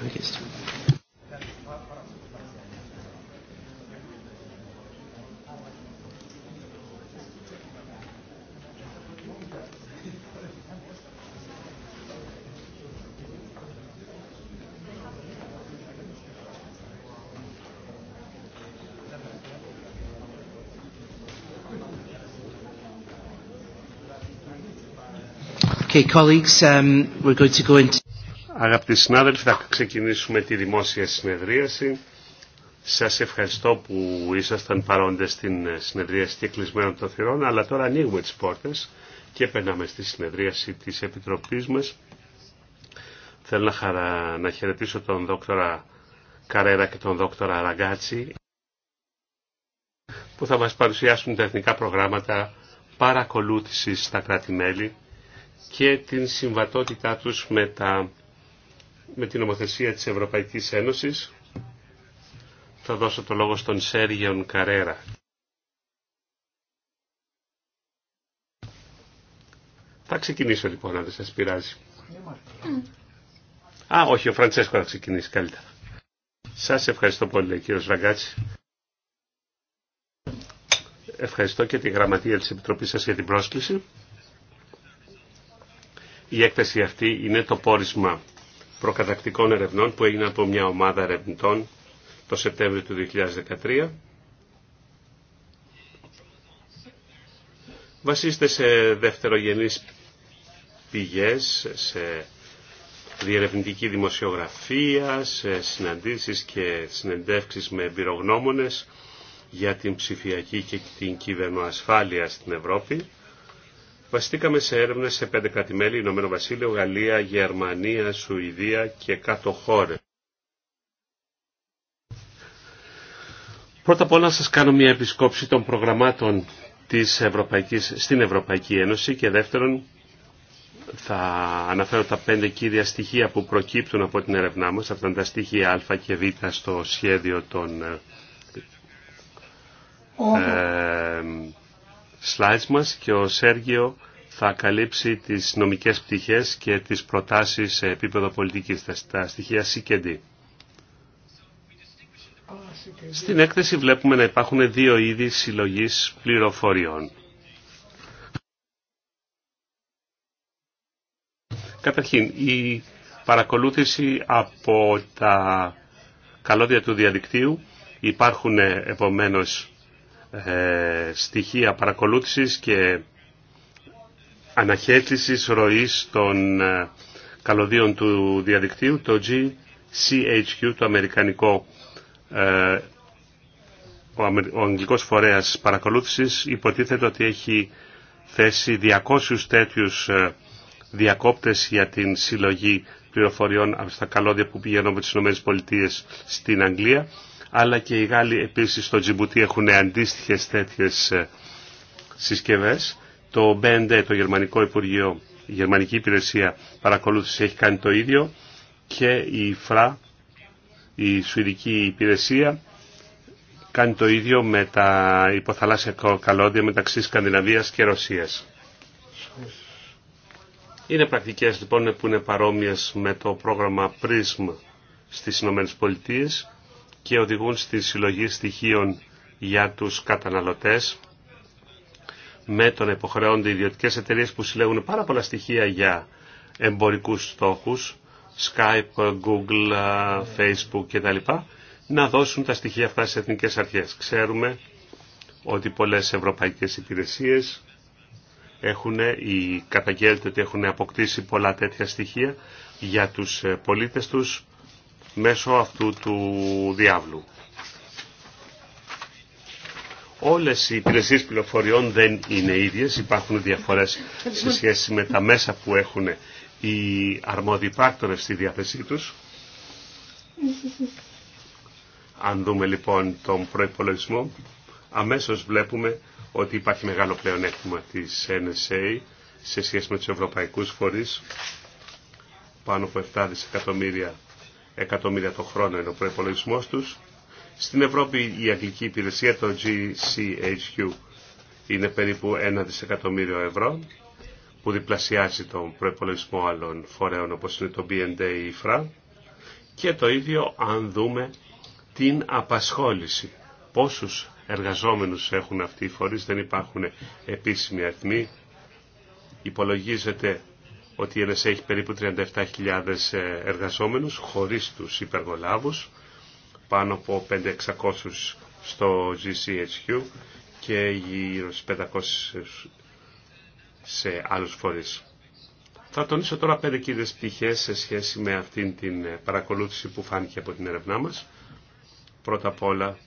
Ευχαριστώ. Okay, colleagues, um, we're Αγαπητοί συνάδελφοι, θα ξεκινήσουμε τη δημόσια συνεδρίαση. Σα ευχαριστώ που ήσασταν παρόντε στην συνεδρίαση και κλεισμένων των θυρών, αλλά τώρα ανοίγουμε τις πόρτες και περνάμε στη συνεδρίαση της Επιτροπής μας. Θέλω να, χαρα... να χαιρετήσω τον δόκτορα Καρέρα και τον δόκτορα Ραγκάτσι που θα μας παρουσιάσουν τα εθνικά προγράμματα παρακολούθηση στα κράτη-μέλη και την συμβατότητά τους με, τα, με την νομοθεσία της Ευρωπαϊκής Ένωσης. Θα δώσω το λόγο στον Σέργιον Καρέρα. Θα ξεκινήσω λοιπόν, αν δεν σας πειράζει. Α, όχι, ο Φραντσέσκο θα ξεκινήσει καλύτερα. Σας ευχαριστώ πολύ, κύριος Ραγκάτση. Ευχαριστώ και τη γραμματεία της Επιτροπής σας για την πρόσκληση. Η έκθεση αυτή είναι το πόρισμα προκατακτικών ερευνών που έγινε από μια ομάδα ερευνητών το Σεπτέμβριο του 2013. Βασίζεται σε δευτερογενείς πηγές, σε διερευνητική δημοσιογραφία, σε συναντήσεις και συνεντεύξεις με εμπειρογνώμονες για την ψηφιακή και την κυβερνοασφάλεια στην Ευρώπη. Βασιστήκαμε σε έρευνες σε πέντε κρατημέλη, Ηνωμένο Βασίλειο, Γαλλία, Γερμανία, Σουηδία και κάτω χώρε. Πρώτα απ' όλα σας κάνω μια επισκόψη των προγραμμάτων της Ευρωπαϊκής, στην Ευρωπαϊκή Ένωση και δεύτερον θα αναφέρω τα πέντε κύρια στοιχεία που προκύπτουν από την ερευνά μας. Αυτά είναι τα στοιχεία Α και Β στο σχέδιο των ε, ναι. ε, slides μας και ο Σέργιο θα καλύψει τις νομικές πτυχές και τις προτάσεις σε επίπεδο πολιτικής, τα, στοιχεία CKD. Στην έκθεση βλέπουμε να υπάρχουν δύο είδη συλλογής πληροφοριών. Καταρχήν, η παρακολούθηση από τα καλώδια του διαδικτύου υπάρχουν επομένως ε, στοιχεία παρακολούθησης και αναχέτησης ροής των ε, καλωδίων του διαδικτύου, το GCHQ, το αμερικανικό ε, ο αγγλικός φορέας παρακολούθησης υποτίθεται ότι έχει θέσει 200 τέτοιους διακόπτες για την συλλογή πληροφοριών στα καλώδια που πηγαίνουν με τις ΗΠΑ στην Αγγλία αλλά και οι Γάλλοι επίσης στο Τζιμπούτι έχουν αντίστοιχες τέτοιες ε, συσκευές. Το BND, το Γερμανικό Υπουργείο, η Γερμανική Υπηρεσία Παρακολούθηση έχει κάνει το ίδιο και η ΦΡΑ, η Σουηδική Υπηρεσία, κάνει το ίδιο με τα υποθαλάσσια καλώδια μεταξύ Σκανδιναβίας και Ρωσίας. Είναι πρακτικές λοιπόν που είναι παρόμοιες με το πρόγραμμα PRISM στις Ηνωμένες Πολιτείες και οδηγούν στη συλλογή στοιχείων για τους καταναλωτές με τον υποχρεώνται ιδιωτικές εταιρείες που συλλέγουν πάρα πολλά στοιχεία για εμπορικούς στόχους Skype, Google, Facebook κτλ. να δώσουν τα στοιχεία αυτά στις εθνικές αρχές. Ξέρουμε ότι πολλές ευρωπαϊκές υπηρεσίες έχουν ή καταγγέλλεται ότι έχουν αποκτήσει πολλά τέτοια στοιχεία για τους πολίτες τους μέσω αυτού του διάβλου. Όλες οι υπηρεσίες πληροφοριών δεν είναι ίδιες, υπάρχουν διαφορές σε σχέση με τα μέσα που έχουν οι αρμόδιοι πράκτορες στη διάθεσή τους. Αν δούμε λοιπόν τον προϋπολογισμό, αμέσως βλέπουμε ότι υπάρχει μεγάλο πλεονέκτημα της NSA σε σχέση με τους ευρωπαϊκούς φορείς, πάνω από 7 δισεκατομμύρια εκατομμύρια το χρόνο είναι ο προπολογισμό τους. Στην Ευρώπη η αγγλική υπηρεσία, το GCHQ, είναι περίπου 1 δισεκατομμύριο ευρώ που διπλασιάζει τον προπολογισμό άλλων φορέων όπως είναι το BND ή η ΦΡΑ και το ίδιο αν δούμε την απασχόληση. Πόσους εργαζόμενους έχουν αυτοί οι φορείς, δεν υπάρχουν επίσημοι αριθμοί. Υπολογίζεται ότι η ΕΝΕΣ έχει περίπου 37.000 ε, εργαζόμενους χωρίς τους υπεργολάβους, πάνω από 5.600 στο GCHQ και γύρω στις 500 σε άλλους φορείς. Θα τονίσω τώρα πέντε κύριες πτυχές σε σχέση με αυτήν την ε, παρακολούθηση που φάνηκε από την έρευνά μας. Πρώτα απ' όλα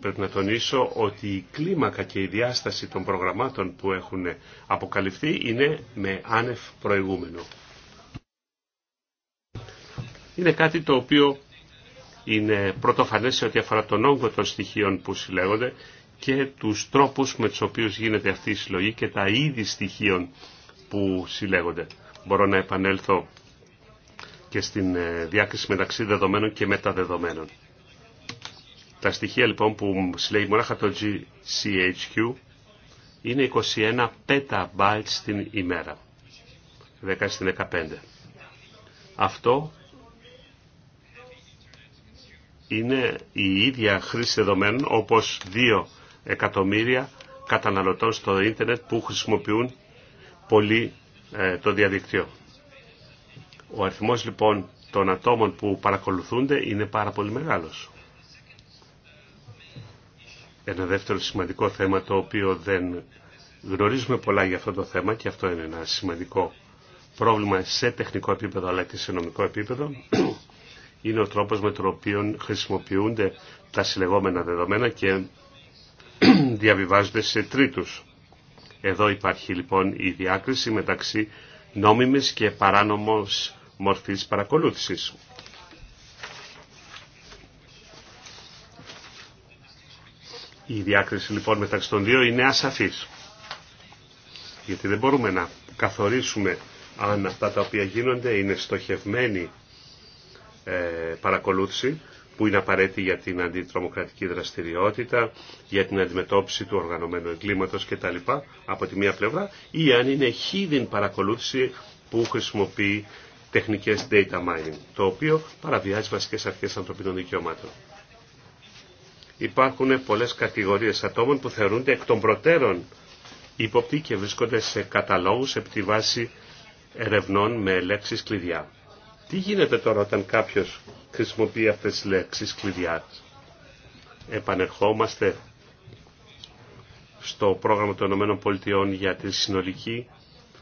Πρέπει να τονίσω ότι η κλίμακα και η διάσταση των προγραμμάτων που έχουν αποκαλυφθεί είναι με άνευ προηγούμενο. Είναι κάτι το οποίο είναι πρωτοφανές σε ό,τι αφορά τον όγκο των στοιχείων που συλλέγονται και τους τρόπους με τους οποίους γίνεται αυτή η συλλογή και τα είδη στοιχείων που συλλέγονται. Μπορώ να επανέλθω και στην ε, διάκριση μεταξύ δεδομένων και μεταδεδομένων. Τα στοιχεία λοιπόν που συλλέγει μονάχα το GCHQ είναι 21 petabytes την ημέρα. 10 στην 15. Αυτό είναι η ίδια χρήση δεδομένων όπως 2 εκατομμύρια καταναλωτών στο ίντερνετ που χρησιμοποιούν πολύ ε, το διαδικτύο. Ο αριθμός λοιπόν των ατόμων που παρακολουθούνται είναι πάρα πολύ μεγάλος. Ένα δεύτερο σημαντικό θέμα το οποίο δεν γνωρίζουμε πολλά για αυτό το θέμα και αυτό είναι ένα σημαντικό πρόβλημα σε τεχνικό επίπεδο αλλά και σε νομικό επίπεδο είναι ο τρόπος με τον οποίο χρησιμοποιούνται τα συλλεγόμενα δεδομένα και διαβιβάζονται σε τρίτους. Εδώ υπάρχει λοιπόν η διάκριση μεταξύ νόμιμης και παράνομος μορφής παρακολούθησης. Η διάκριση λοιπόν μεταξύ των δύο είναι ασαφής. Γιατί δεν μπορούμε να καθορίσουμε αν αυτά τα οποία γίνονται είναι στοχευμένη ε, παρακολούθηση που είναι απαραίτητη για την αντιτρομοκρατική δραστηριότητα, για την αντιμετώπιση του οργανωμένου εγκλήματος κτλ. από τη μία πλευρά ή αν είναι χίδιν παρακολούθηση που χρησιμοποιεί τεχνικές data mining, το οποίο παραβιάζει βασικές αρχές ανθρωπίνων δικαιωμάτων υπάρχουν πολλές κατηγορίες ατόμων που θεωρούνται εκ των προτέρων ύποπτοι και βρίσκονται σε καταλόγους επί τη βάση ερευνών με λέξεις κλειδιά. Τι γίνεται τώρα όταν κάποιος χρησιμοποιεί αυτές τις λέξεις κλειδιά. Επανερχόμαστε στο πρόγραμμα των ΗΠΑ για τη συνολική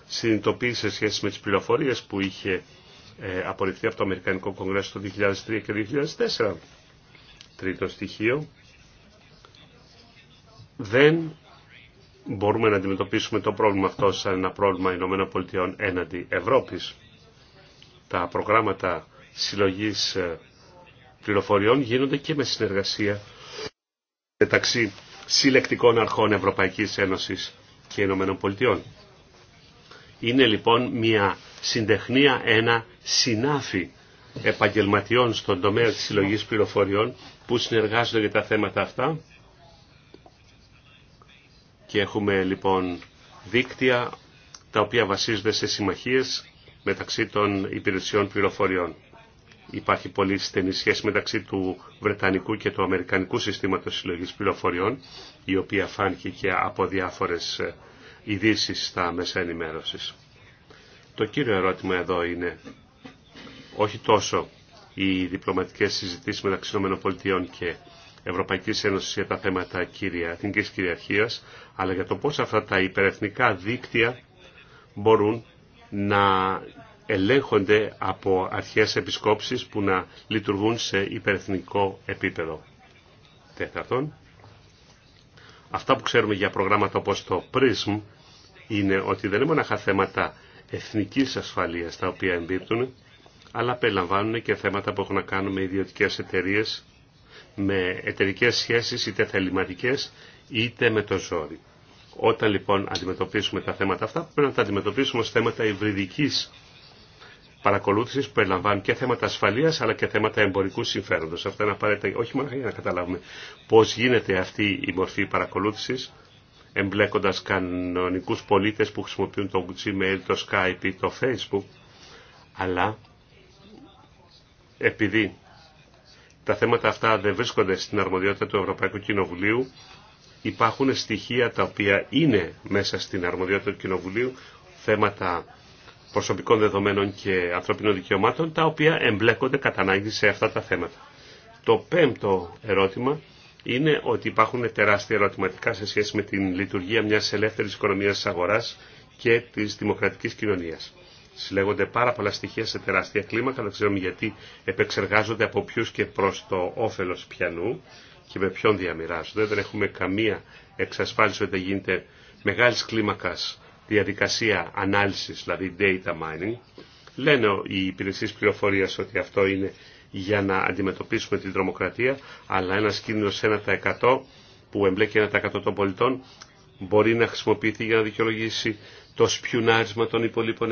συνειδητοποίηση σε σχέση με τις πληροφορίες που είχε ε, απορριφθεί από το Αμερικανικό Κογκρέσο το 2003 και 2004. Τρίτο στοιχείο, δεν μπορούμε να αντιμετωπίσουμε το πρόβλημα αυτό σαν ένα πρόβλημα Ηνωμένων Πολιτειών έναντι Ευρώπης. Τα προγράμματα συλλογής ε, πληροφοριών γίνονται και με συνεργασία μεταξύ συλλεκτικών αρχών Ευρωπαϊκής Ένωσης και Ηνωμένων Πολιτειών. Είναι λοιπόν μια συντεχνία, ένα συνάφι επαγγελματιών στον τομέα της συλλογής πληροφοριών που συνεργάζονται για τα θέματα αυτά και έχουμε λοιπόν δίκτυα τα οποία βασίζονται σε συμμαχίες μεταξύ των υπηρεσιών πληροφοριών. Υπάρχει πολύ στενή σχέση μεταξύ του Βρετανικού και του Αμερικανικού συστήματος συλλογής πληροφοριών, η οποία φάνηκε και από διάφορες ε, ειδήσει στα μέσα ενημέρωσης. Το κύριο ερώτημα εδώ είναι όχι τόσο οι διπλωματικές συζητήσεις μεταξύ των ΗΠΑ και Ευρωπαϊκή Ένωση για τα θέματα κυρία, εθνικής κυριαρχίας, αλλά για το πώς αυτά τα υπερεθνικά δίκτυα μπορούν να ελέγχονται από αρχές επισκόψεις που να λειτουργούν σε υπερεθνικό επίπεδο. Τέταρτον, αυτά που ξέρουμε για προγράμματα όπως το PRISM είναι ότι δεν είναι μόνο θέματα εθνικής ασφαλείας τα οποία εμπίπτουν, αλλά περιλαμβάνουν και θέματα που έχουν να κάνουν με ιδιωτικές εταιρείες με εταιρικές σχέσεις είτε θεληματικές είτε με το ζόρι. Όταν λοιπόν αντιμετωπίσουμε τα θέματα αυτά πρέπει να τα αντιμετωπίσουμε ως θέματα υβριδικής παρακολούθησης που περιλαμβάνουν και θέματα ασφαλείας αλλά και θέματα εμπορικού συμφέροντος. Αυτά είναι απαραίτητα όχι μόνο για να καταλάβουμε πώς γίνεται αυτή η μορφή παρακολούθησης εμπλέκοντας κανονικούς πολίτες που χρησιμοποιούν το Gmail, το Skype ή το Facebook αλλά επειδή τα θέματα αυτά δεν βρίσκονται στην αρμοδιότητα του Ευρωπαϊκού Κοινοβουλίου. Υπάρχουν στοιχεία τα οποία είναι μέσα στην αρμοδιότητα του Κοινοβουλίου, θέματα προσωπικών δεδομένων και ανθρωπίνων δικαιωμάτων, τα οποία εμπλέκονται κατά ανάγκη σε αυτά τα θέματα. Το πέμπτο ερώτημα είναι ότι υπάρχουν τεράστια ερωτηματικά σε σχέση με την λειτουργία μιας ελεύθερης οικονομίας της αγοράς και της δημοκρατικής κοινωνίας. Συλλέγονται πάρα πολλά στοιχεία σε τεράστια κλίμακα, δεν ξέρουμε γιατί επεξεργάζονται από ποιου και προ το όφελο πιανού και με ποιον διαμοιράζονται. Δεν έχουμε καμία εξασφάλιση ότι γίνεται μεγάλη κλίμακα διαδικασία ανάλυση, δηλαδή data mining. Λένε οι υπηρεσίε πληροφορία ότι αυτό είναι για να αντιμετωπίσουμε την τρομοκρατία, αλλά ένα κίνδυνο 1% που εμπλέκει 1% των πολιτών μπορεί να χρησιμοποιηθεί για να δικαιολογήσει το σπιουνάρισμα των υπολείπων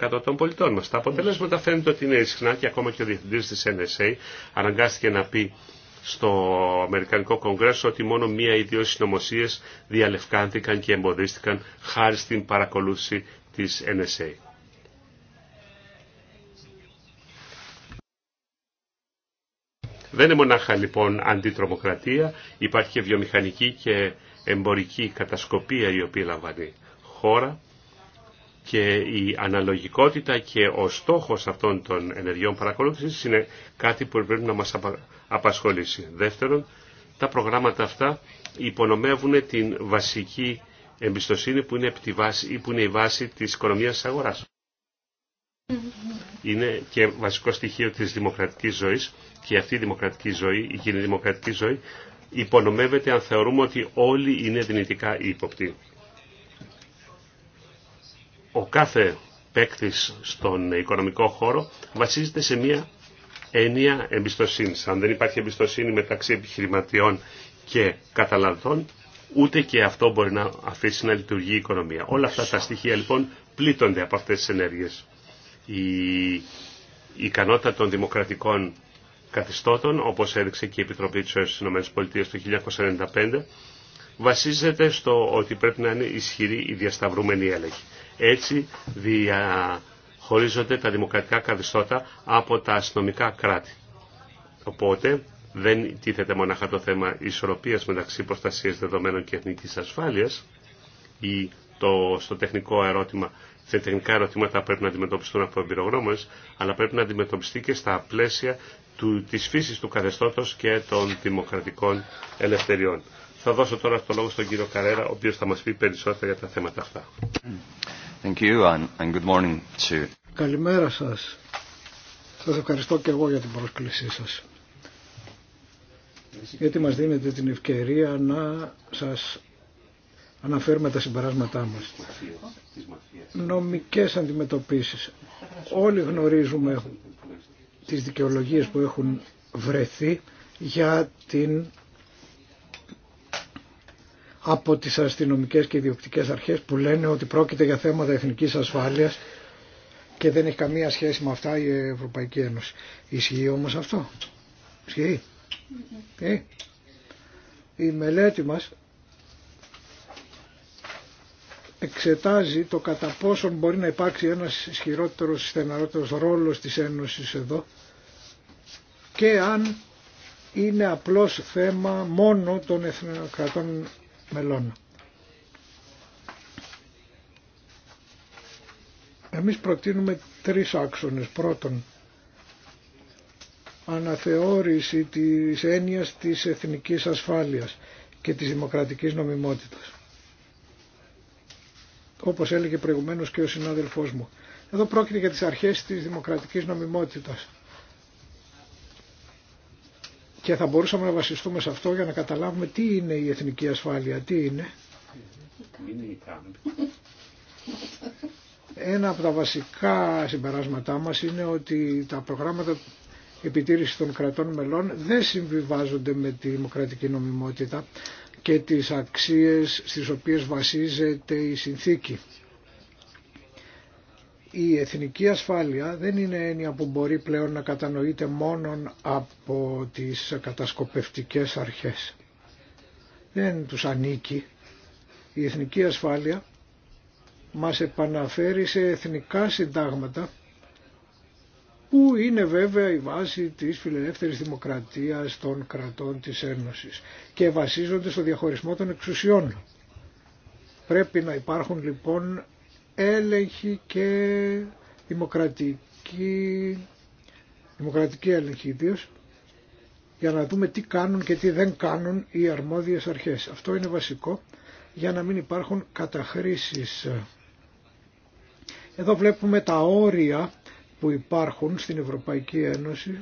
99% των πολιτών μας. Τα αποτελέσματα φαίνεται ότι είναι Ισχνά, και ακόμα και ο διευθυντής της NSA αναγκάστηκε να πει στο Αμερικανικό Κογκρέσο ότι μόνο μία ή δύο συνωμοσίε διαλευκάνθηκαν και εμποδίστηκαν χάρη στην παρακολούθηση της NSA. Δεν είναι μονάχα λοιπόν αντιτρομοκρατία, υπάρχει και βιομηχανική και εμπορική κατασκοπία η οποία λαμβάνει χώρα και η αναλογικότητα και ο στόχος αυτών των ενεργειών παρακολούθησης είναι κάτι που πρέπει να μας απασχολήσει. Δεύτερον, τα προγράμματα αυτά υπονομεύουν την βασική εμπιστοσύνη που είναι, τη η βάση της οικονομίας της αγοράς. Είναι και βασικό στοιχείο της δημοκρατικής ζωής και αυτή η δημοκρατική ζωή, η κοινή δημοκρατική ζωή υπονομεύεται αν θεωρούμε ότι όλοι είναι δυνητικά ύποπτοι ο κάθε παίκτη στον οικονομικό χώρο βασίζεται σε μια έννοια εμπιστοσύνη. Αν δεν υπάρχει εμπιστοσύνη μεταξύ επιχειρηματιών και καταναλωτών, ούτε και αυτό μπορεί να αφήσει να λειτουργεί η οικονομία. Όλα αυτά τα στοιχεία λοιπόν πλήττονται από αυτές τις ενέργειες. Η ικανότητα των δημοκρατικών καθιστώτων, όπως έδειξε και η Επιτροπή της ΗΠΑ το 1995, βασίζεται στο ότι πρέπει να είναι ισχυρή η διασταυρούμενη έλεγχη. Έτσι διαχωρίζονται τα δημοκρατικά καθεστώτα από τα αστυνομικά κράτη. Οπότε δεν τίθεται μονάχα το θέμα ισορροπίας μεταξύ προστασίας δεδομένων και εθνικής ασφάλειας ή το, στο τεχνικό ερώτημα σε τεχνικά ερωτήματα πρέπει να αντιμετωπιστούν από εμπειρογνώμονες, αλλά πρέπει να αντιμετωπιστεί και στα πλαίσια του, της φύσης του καθεστώτος και των δημοκρατικών ελευθεριών. Θα δώσω τώρα το λόγο στον κύριο Καρέρα, ο οποίος θα μας πει περισσότερα για τα θέματα αυτά. Thank you and, good morning to... Καλημέρα σας. Σας ευχαριστώ και εγώ για την πρόσκλησή σας. Γιατί μας δίνετε την ευκαιρία να σας αναφέρουμε τα συμπεράσματά μας. Νομικές αντιμετωπίσεις. Όλοι γνωρίζουμε τις δικαιολογίες που έχουν βρεθεί για την από τις αστυνομικές και ιδιοκτικές αρχές που λένε ότι πρόκειται για θέματα εθνικής ασφάλειας και δεν έχει καμία σχέση με αυτά η Ευρωπαϊκή Ένωση. Ισχύει όμως αυτό. Ισχύει. η μελέτη μας εξετάζει το κατά πόσον μπορεί να υπάρξει ένας ισχυρότερος, στεναρότερος ρόλος της Ένωσης εδώ και αν είναι απλώς θέμα μόνο των εθνοκρατών μελών. Εμείς προτείνουμε τρεις άξονες. Πρώτον, αναθεώρηση της έννοιας της εθνικής ασφάλειας και της δημοκρατικής νομιμότητας. Όπως έλεγε προηγουμένως και ο συνάδελφός μου. Εδώ πρόκειται για τις αρχές της δημοκρατικής νομιμότητας. Και θα μπορούσαμε να βασιστούμε σε αυτό για να καταλάβουμε τι είναι η εθνική ασφάλεια, τι είναι. Είναι η Ένα από τα βασικά συμπεράσματά μας είναι ότι τα προγράμματα επιτήρηση των κρατών μελών δεν συμβιβάζονται με τη δημοκρατική νομιμότητα και τις αξίες στις οποίες βασίζεται η συνθήκη η εθνική ασφάλεια δεν είναι έννοια που μπορεί πλέον να κατανοείται μόνον από τις κατασκοπευτικές αρχές. Δεν τους ανήκει. Η εθνική ασφάλεια μας επαναφέρει σε εθνικά συντάγματα που είναι βέβαια η βάση της φιλελεύθερης δημοκρατίας των κρατών της Ένωσης και βασίζονται στο διαχωρισμό των εξουσιών. Πρέπει να υπάρχουν λοιπόν έλεγχη και δημοκρατική, δημοκρατική έλεγχη για να δούμε τι κάνουν και τι δεν κάνουν οι αρμόδιες αρχές. Αυτό είναι βασικό για να μην υπάρχουν καταχρήσεις. Εδώ βλέπουμε τα όρια που υπάρχουν στην Ευρωπαϊκή Ένωση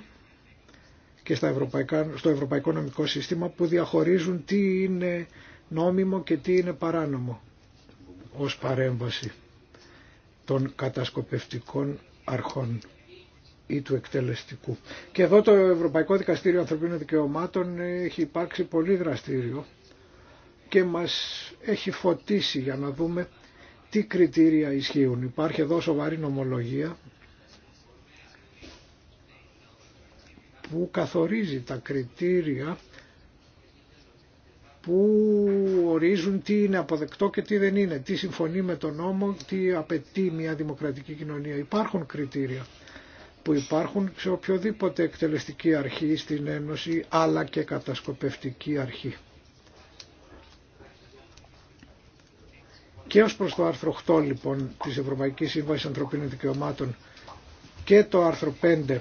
και στα ευρωπαϊκά, στο Ευρωπαϊκό Νομικό Σύστημα που διαχωρίζουν τι είναι νόμιμο και τι είναι παράνομο ως παρέμβαση των κατασκοπευτικών αρχών ή του εκτελεστικού. Και εδώ το Ευρωπαϊκό Δικαστήριο Ανθρωπίνων Δικαιωμάτων έχει υπάρξει πολύ δραστήριο και μας έχει φωτίσει για να δούμε τι κριτήρια ισχύουν. Υπάρχει εδώ σοβαρή νομολογία που καθορίζει τα κριτήρια που ορίζουν τι είναι αποδεκτό και τι δεν είναι, τι συμφωνεί με τον νόμο, τι απαιτεί μια δημοκρατική κοινωνία. Υπάρχουν κριτήρια που υπάρχουν σε οποιοδήποτε εκτελεστική αρχή στην Ένωση αλλά και κατασκοπευτική αρχή. Και ως προς το άρθρο 8 λοιπόν της Ευρωπαϊκής Σύμβασης Ανθρωπίνων Δικαιωμάτων και το άρθρο 5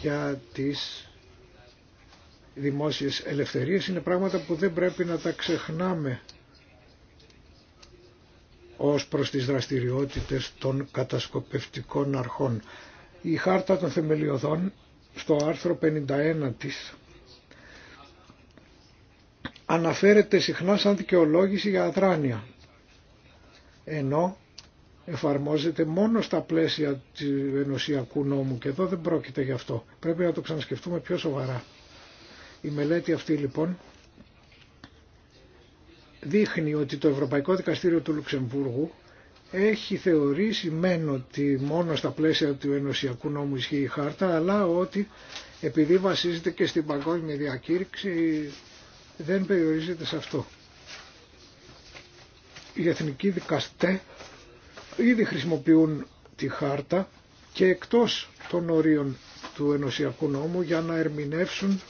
για τις δημόσιες ελευθερίες είναι πράγματα που δεν πρέπει να τα ξεχνάμε ως προς τις δραστηριότητες των κατασκοπευτικών αρχών. Η Χάρτα των Θεμελιωδών στο άρθρο 51 της αναφέρεται συχνά σαν δικαιολόγηση για αδράνεια, ενώ εφαρμόζεται μόνο στα πλαίσια του ενωσιακού νόμου και εδώ δεν πρόκειται γι' αυτό. Πρέπει να το ξανασκεφτούμε πιο σοβαρά. Η μελέτη αυτή λοιπόν δείχνει ότι το Ευρωπαϊκό Δικαστήριο του Λουξεμβούργου έχει θεωρήσει μεν ότι μόνο στα πλαίσια του ενωσιακού νόμου ισχύει η χάρτα, αλλά ότι επειδή βασίζεται και στην παγκόσμια διακήρυξη δεν περιορίζεται σε αυτό. Οι εθνικοί δικαστέ ήδη χρησιμοποιούν τη χάρτα και εκτός των ορίων του ενωσιακού νόμου για να ερμηνεύσουν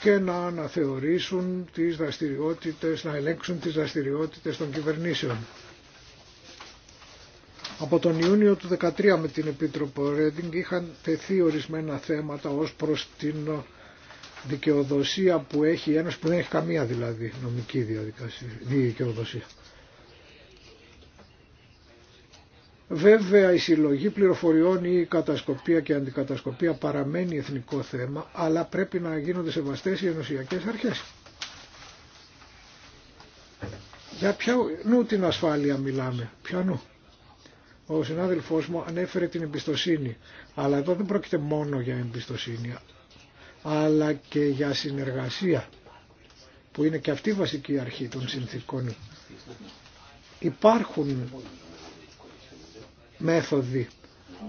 και να αναθεωρήσουν τις δραστηριότητες, να ελέγξουν τις δραστηριότητες των κυβερνήσεων. Από τον Ιούνιο του 2013 με την Επίτροπο Ρέντινγκ είχαν τεθεί ορισμένα θέματα ως προς την δικαιοδοσία που έχει ένας που δεν έχει καμία δηλαδή νομική δικαιοδοσία. Βέβαια η συλλογή πληροφοριών ή η κατασκοπία και αντικατασκοπία παραμένει εθνικό θέμα, αλλά πρέπει να γίνονται σεβαστές οι ενωσιακές αρχές. Για ποια νου την ασφάλεια μιλάμε, ποια νου. Ο συνάδελφός μου ανέφερε την εμπιστοσύνη, αλλά εδώ δεν πρόκειται μόνο για εμπιστοσύνη, αλλά και για συνεργασία, που είναι και αυτή η βασική αρχή των συνθήκων. Υπάρχουν μέθοδοι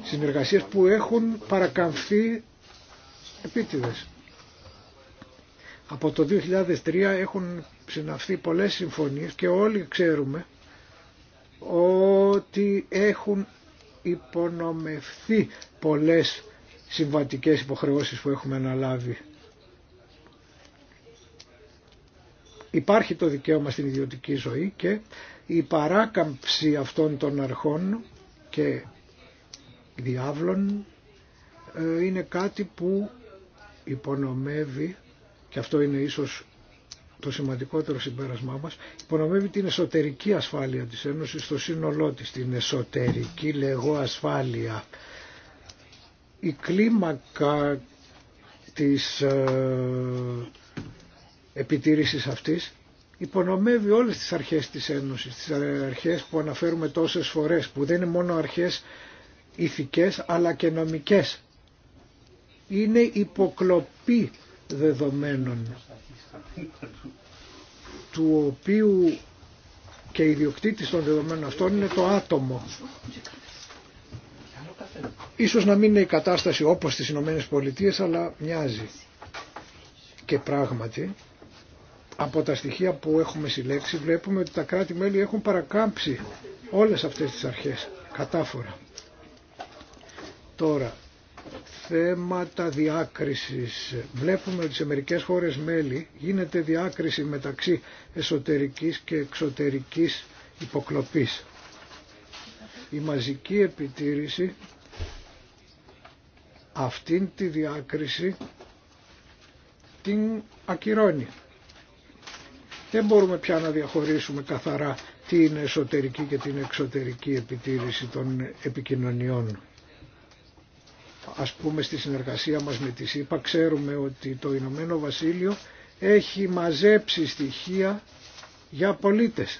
συνεργασίες που έχουν παρακαμφθεί επίτηδες. Από το 2003 έχουν συναυθεί πολλές συμφωνίες και όλοι ξέρουμε ότι έχουν υπονομευθεί πολλές συμβατικές υποχρεώσεις που έχουμε αναλάβει. Υπάρχει το δικαίωμα στην ιδιωτική ζωή και η παράκαμψη αυτών των αρχών και διάβλων ε, είναι κάτι που υπονομεύει και αυτό είναι ίσως το σημαντικότερο συμπέρασμά μας υπονομεύει την εσωτερική ασφάλεια της Ένωσης στο σύνολό της την εσωτερική λεγό ασφάλεια η κλίμακα της ε, επιτήρησης αυτής υπονομεύει όλες τις αρχές της Ένωσης, τις αρχές που αναφέρουμε τόσες φορές, που δεν είναι μόνο αρχές ηθικές αλλά και νομικές. Είναι υποκλοπή δεδομένων του οποίου και ιδιοκτήτης των δεδομένων αυτών είναι το άτομο. Ίσως να μην είναι η κατάσταση όπως στις Ηνωμένες Πολιτείες αλλά μοιάζει. Και πράγματι από τα στοιχεία που έχουμε συλλέξει βλέπουμε ότι τα κράτη-μέλη έχουν παρακάμψει όλες αυτές τις αρχές κατάφορα. Τώρα, θέματα διάκρισης. Βλέπουμε ότι σε μερικές χώρες μέλη γίνεται διάκριση μεταξύ εσωτερικής και εξωτερικής υποκλοπής. Η μαζική επιτήρηση αυτήν τη διάκριση την ακυρώνει. Δεν μπορούμε πια να διαχωρίσουμε καθαρά τι είναι εσωτερική και την εξωτερική επιτήρηση των επικοινωνιών. Ας πούμε στη συνεργασία μας με τη ΣΥΠΑ ξέρουμε ότι το Ηνωμένο Βασίλειο έχει μαζέψει στοιχεία για πολίτες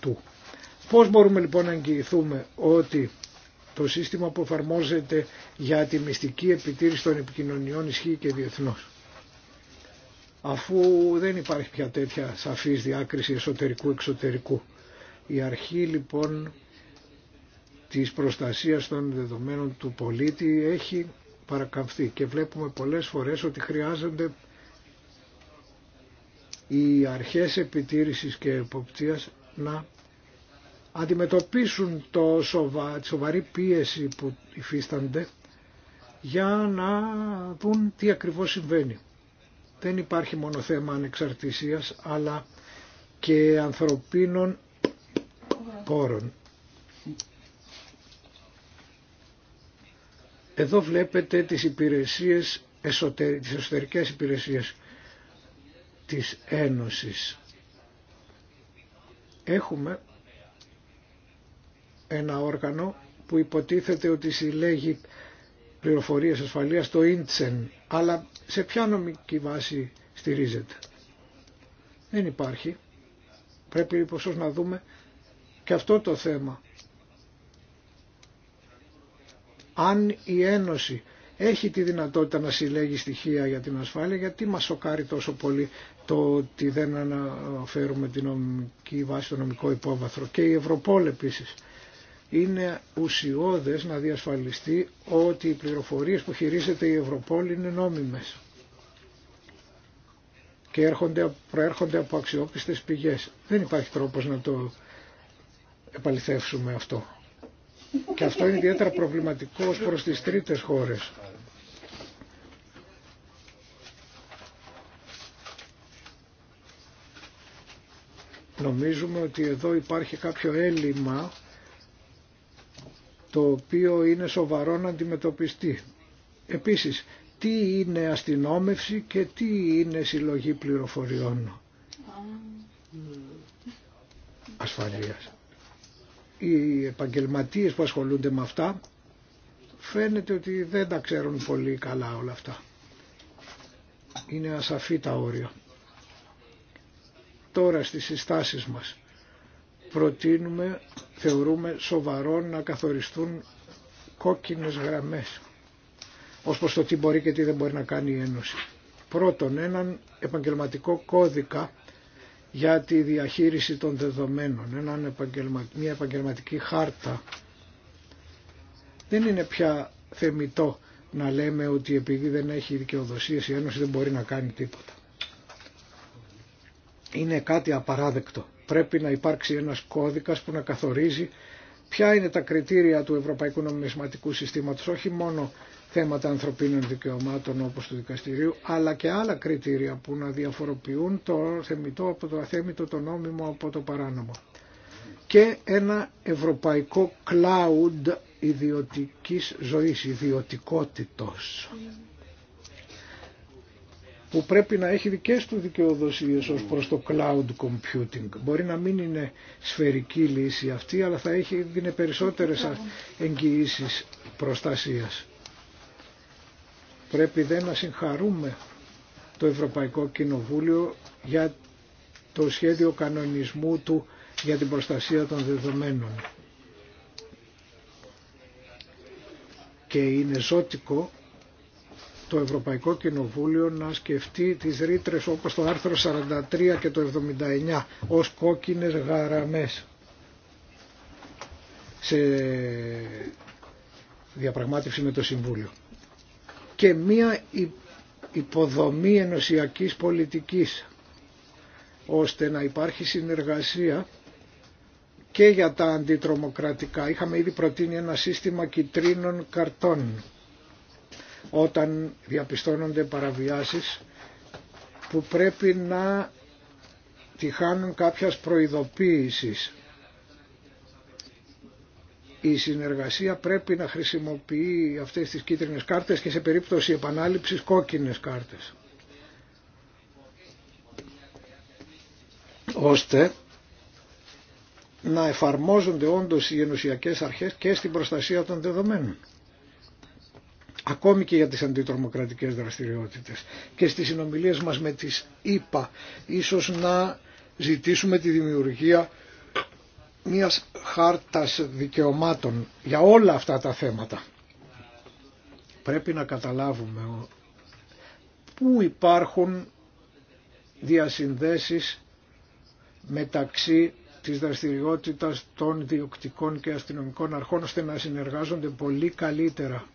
του. Πώς μπορούμε λοιπόν να εγγυηθούμε ότι το σύστημα που εφαρμόζεται για τη μυστική επιτήρηση των επικοινωνιών ισχύει και διεθνώς αφού δεν υπάρχει πια τέτοια σαφής διάκριση εσωτερικού-εξωτερικού. Η αρχή λοιπόν της προστασίας των δεδομένων του πολίτη έχει παρακαμφθεί και βλέπουμε πολλές φορές ότι χρειάζονται οι αρχές επιτήρησης και εποπτείας να αντιμετωπίσουν το τη σοβαρή πίεση που υφίστανται για να δουν τι ακριβώς συμβαίνει δεν υπάρχει μόνο θέμα ανεξαρτησίας αλλά και ανθρωπίνων πόρων. Εδώ βλέπετε τις υπηρεσίες, τις εσωτερικές υπηρεσίες της Ένωσης. Έχουμε ένα όργανο που υποτίθεται ότι συλλέγει πληροφορίες ασφαλείας, το Ίντσεν, αλλά σε ποια νομική βάση στηρίζεται. Δεν υπάρχει. Πρέπει λοιπόν να δούμε και αυτό το θέμα. Αν η Ένωση έχει τη δυνατότητα να συλλέγει στοιχεία για την ασφάλεια, γιατί μας σοκάρει τόσο πολύ το ότι δεν αναφέρουμε την νομική βάση, το νομικό υπόβαθρο. Και η Ευρωπόλ επίσης είναι ουσιώδες να διασφαλιστεί ότι οι πληροφορίες που χειρίζεται η Ευρωπόλη είναι νόμιμες και έρχονται, προέρχονται από αξιόπιστες πηγές. Δεν υπάρχει τρόπος να το επαληθεύσουμε αυτό. Και αυτό είναι ιδιαίτερα προβληματικό ως προς τις τρίτες χώρες. Νομίζουμε ότι εδώ υπάρχει κάποιο έλλειμμα το οποίο είναι σοβαρό να αντιμετωπιστεί. Επίσης, τι είναι αστυνόμευση και τι είναι συλλογή πληροφοριών ασφαλείας. Οι επαγγελματίες που ασχολούνται με αυτά φαίνεται ότι δεν τα ξέρουν πολύ καλά όλα αυτά. Είναι ασαφή τα όρια. Τώρα στις συστάσεις μας προτείνουμε θεωρούμε σοβαρό να καθοριστούν κόκκινες γραμμές ως προς το τι μπορεί και τι δεν μπορεί να κάνει η Ένωση. Πρώτον, έναν επαγγελματικό κώδικα για τη διαχείριση των δεδομένων, έναν μια επαγγελματική χάρτα. Δεν είναι πια θεμητό να λέμε ότι επειδή δεν έχει δικαιοδοσίες η Ένωση δεν μπορεί να κάνει τίποτα. Είναι κάτι απαράδεκτο πρέπει να υπάρξει ένας κώδικας που να καθορίζει ποια είναι τα κριτήρια του Ευρωπαϊκού Νομισματικού Συστήματος, όχι μόνο θέματα ανθρωπίνων δικαιωμάτων όπως του δικαστηρίου, αλλά και άλλα κριτήρια που να διαφοροποιούν το θεμητό από το αθέμητο, το νόμιμο από το παράνομο. Και ένα ευρωπαϊκό cloud ιδιωτικής ζωής, ιδιωτικότητος που πρέπει να έχει δικές του δικαιοδοσίες ως προς το cloud computing. Μπορεί να μην είναι σφαιρική λύση αυτή, αλλά θα έχει δίνει περισσότερες εγγυήσει προστασίας. Πρέπει δεν να συγχαρούμε το Ευρωπαϊκό Κοινοβούλιο για το σχέδιο κανονισμού του για την προστασία των δεδομένων. Και είναι ζώτικο το Ευρωπαϊκό Κοινοβούλιο να σκεφτεί τις ρήτρε όπως το άρθρο 43 και το 79 ως κόκκινες γαραμές σε διαπραγμάτευση με το Συμβούλιο. Και μία υποδομή ενωσιακής πολιτικής ώστε να υπάρχει συνεργασία και για τα αντιτρομοκρατικά. Είχαμε ήδη προτείνει ένα σύστημα κυτρίνων καρτών όταν διαπιστώνονται παραβιάσεις που πρέπει να τυχάνουν κάποιας προειδοποίησης. Η συνεργασία πρέπει να χρησιμοποιεί αυτές τις κίτρινες κάρτες και σε περίπτωση επανάληψης κόκκινες κάρτες. ώστε να εφαρμόζονται όντως οι ενουσιακές αρχές και στην προστασία των δεδομένων ακόμη και για τις αντιτρομοκρατικές δραστηριότητες. Και στις συνομιλίες μας με τις ΗΠΑ ίσως να ζητήσουμε τη δημιουργία μιας χάρτας δικαιωμάτων για όλα αυτά τα θέματα. Πρέπει να καταλάβουμε πού υπάρχουν διασυνδέσεις μεταξύ της δραστηριότητας των διοκτικών και αστυνομικών αρχών ώστε να συνεργάζονται πολύ καλύτερα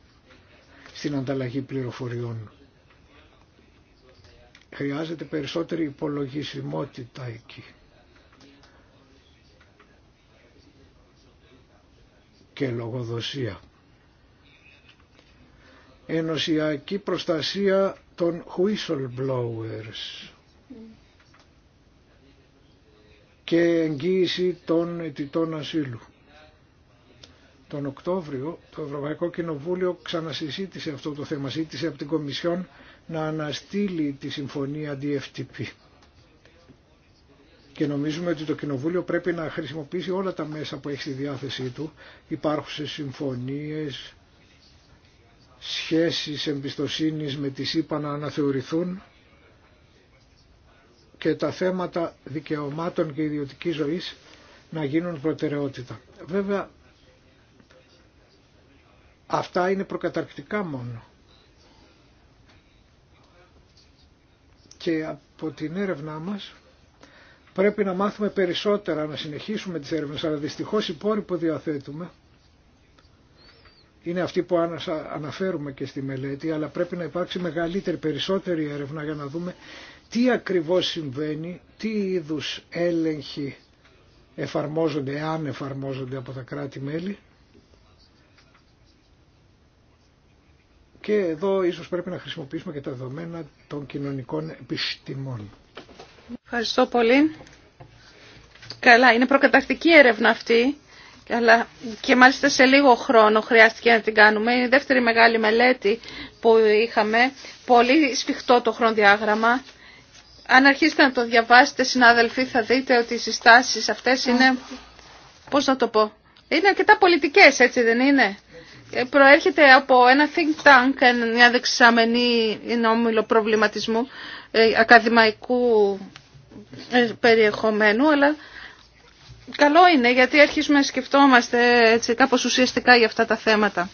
στην ανταλλαγή πληροφοριών. Χρειάζεται περισσότερη υπολογισμότητα εκεί. και λογοδοσία. Ενωσιακή προστασία των whistleblowers και εγγύηση των αιτητών ασύλου. Τον Οκτώβριο το Ευρωπαϊκό Κοινοβούλιο ξανασυζήτησε αυτό το θέμα, ζήτησε από την Κομισιόν να αναστείλει τη συμφωνία DFTP. Και νομίζουμε ότι το Κοινοβούλιο πρέπει να χρησιμοποιήσει όλα τα μέσα που έχει στη διάθεσή του, Υπάρχουν συμφωνίες, σχέσεις εμπιστοσύνης με τις ΣΥΠΑ να αναθεωρηθούν και τα θέματα δικαιωμάτων και ιδιωτικής ζωής να γίνουν προτεραιότητα. Βέβαια Αυτά είναι προκαταρκτικά μόνο. Και από την έρευνά μας πρέπει να μάθουμε περισσότερα, να συνεχίσουμε τις έρευνες, αλλά δυστυχώς οι πόροι που διαθέτουμε είναι αυτοί που αναφέρουμε και στη μελέτη, αλλά πρέπει να υπάρξει μεγαλύτερη, περισσότερη έρευνα για να δούμε τι ακριβώς συμβαίνει, τι είδους έλεγχοι εφαρμόζονται, αν εφαρμόζονται από τα κράτη-μέλη Και εδώ ίσως πρέπει να χρησιμοποιήσουμε και τα δεδομένα των κοινωνικών επιστημών. Ευχαριστώ πολύ. Καλά, είναι προκατακτική έρευνα αυτή. Αλλά και μάλιστα σε λίγο χρόνο χρειάστηκε να την κάνουμε. Είναι η δεύτερη μεγάλη μελέτη που είχαμε. Πολύ σφιχτό το χρονοδιάγραμμα. Αν αρχίσετε να το διαβάσετε, συνάδελφοι, θα δείτε ότι οι συστάσεις αυτές είναι, πώς να το πω, είναι αρκετά πολιτικές, έτσι δεν είναι προέρχεται από ένα think tank, μια δεξαμενή νόμιλο προβληματισμού ε, ακαδημαϊκού ε, περιεχομένου, αλλά καλό είναι γιατί αρχίζουμε να σκεφτόμαστε έτσι, κάπως ουσιαστικά για αυτά τα θέματα.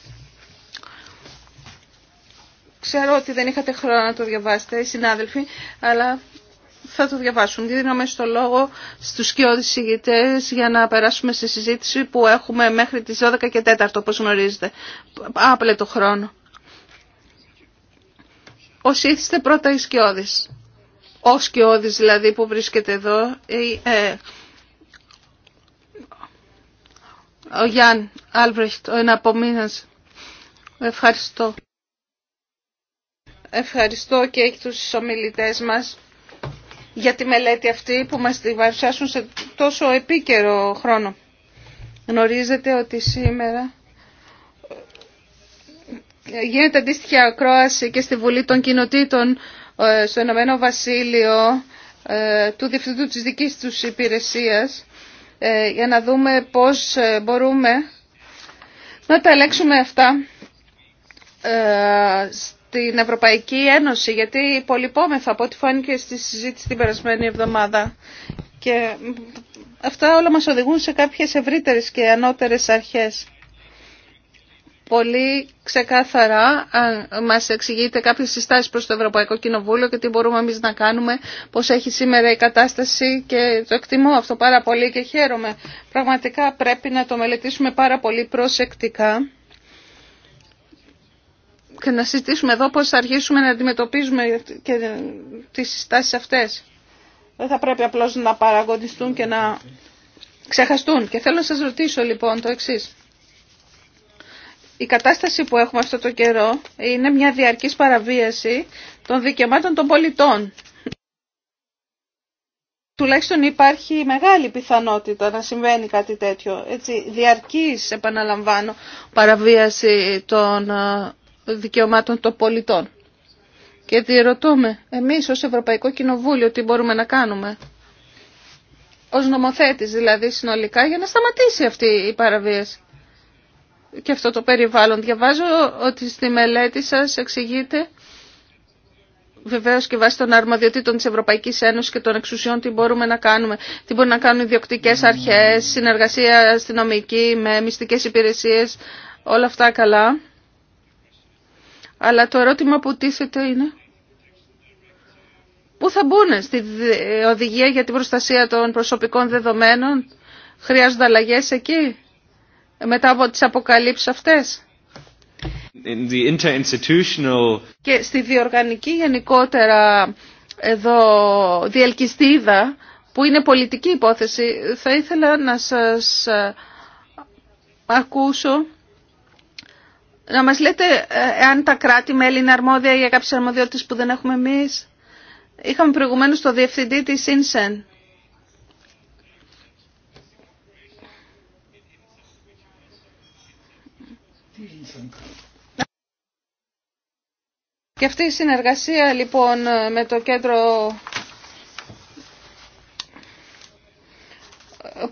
Ξέρω ότι δεν είχατε χρόνο να το διαβάσετε οι συνάδελφοι, αλλά θα το διαβάσουν. Δίνομαι στο λόγο στους σκιώδεις ηγητές για να περάσουμε στη συζήτηση που έχουμε μέχρι τις 12 και 4, όπως γνωρίζετε. Άπλετο χρόνο. Ο ήθιστε πρώτα οι σκιώδεις. Ο σκιώδης δηλαδή που βρίσκεται εδώ. Ε, ο Γιάν Άλβρεχτ, ο εναπομείνας. Ευχαριστώ. Ευχαριστώ και τους ομιλητές μας για τη μελέτη αυτή που μας τη παρουσιάσουν σε τόσο επίκαιρο χρόνο. Γνωρίζετε ότι σήμερα ε, γίνεται αντίστοιχη ακρόαση και στη Βουλή των Κοινοτήτων ε, στο Ηνωμένο Βασίλειο ε, του Διευθυντού της δικής τους υπηρεσίας για να δούμε πώς μπορούμε να τα ελέγξουμε αυτά την Ευρωπαϊκή Ένωση, γιατί υπολοιπόμεθα από ό,τι φάνηκε στη συζήτηση την περασμένη εβδομάδα. Και αυτά όλα μας οδηγούν σε κάποιες ευρύτερες και ανώτερες αρχές. Πολύ ξεκάθαρα μας εξηγείται κάποιες συστάσεις προς το Ευρωπαϊκό Κοινοβούλιο και τι μπορούμε εμείς να κάνουμε, πώς έχει σήμερα η κατάσταση και το εκτιμώ αυτό πάρα πολύ και χαίρομαι. Πραγματικά πρέπει να το μελετήσουμε πάρα πολύ προσεκτικά και να συζητήσουμε εδώ πώς θα αρχίσουμε να αντιμετωπίζουμε και τις συστάσεις αυτές. Δεν θα πρέπει απλώς να παραγωνιστούν και να ξεχαστούν. Και θέλω να σας ρωτήσω λοιπόν το εξής. Η κατάσταση που έχουμε αυτό το καιρό είναι μια διαρκής παραβίαση των δικαιωμάτων των πολιτών. Τουλάχιστον υπάρχει μεγάλη πιθανότητα να συμβαίνει κάτι τέτοιο. Έτσι, διαρκής, επαναλαμβάνω, παραβίαση των ε, δικαιωμάτων των πολιτών. Και διερωτούμε εμείς ως Ευρωπαϊκό Κοινοβούλιο τι μπορούμε να κάνουμε. Ως νομοθέτης δηλαδή συνολικά για να σταματήσει αυτή η παραβίαση και αυτό το περιβάλλον. Διαβάζω ότι στη μελέτη σας εξηγείται βεβαίω και βάσει των αρμοδιοτήτων τη Ευρωπαϊκή Ένωση και των εξουσιών τι μπορούμε να κάνουμε, τι μπορούν να κάνουν οι αρχέ, συνεργασία αστυνομική με μυστικέ υπηρεσίε, όλα αυτά καλά. Αλλά το ερώτημα που τίθεται είναι πού θα μπουν στη οδηγία για την προστασία των προσωπικών δεδομένων. Χρειάζονται αλλαγέ εκεί μετά από τις αποκαλύψεις αυτές. Και στη διοργανική γενικότερα εδώ διελκυστίδα που είναι πολιτική υπόθεση θα ήθελα να σας ακούσω να μας λέτε αν ε, τα κράτη-μέλη είναι αρμόδια για κάποιες αρμοδιότητες που δεν έχουμε εμείς. Είχαμε προηγουμένως το διευθυντή της Ίνσεν. Και αυτή η συνεργασία λοιπόν με το κέντρο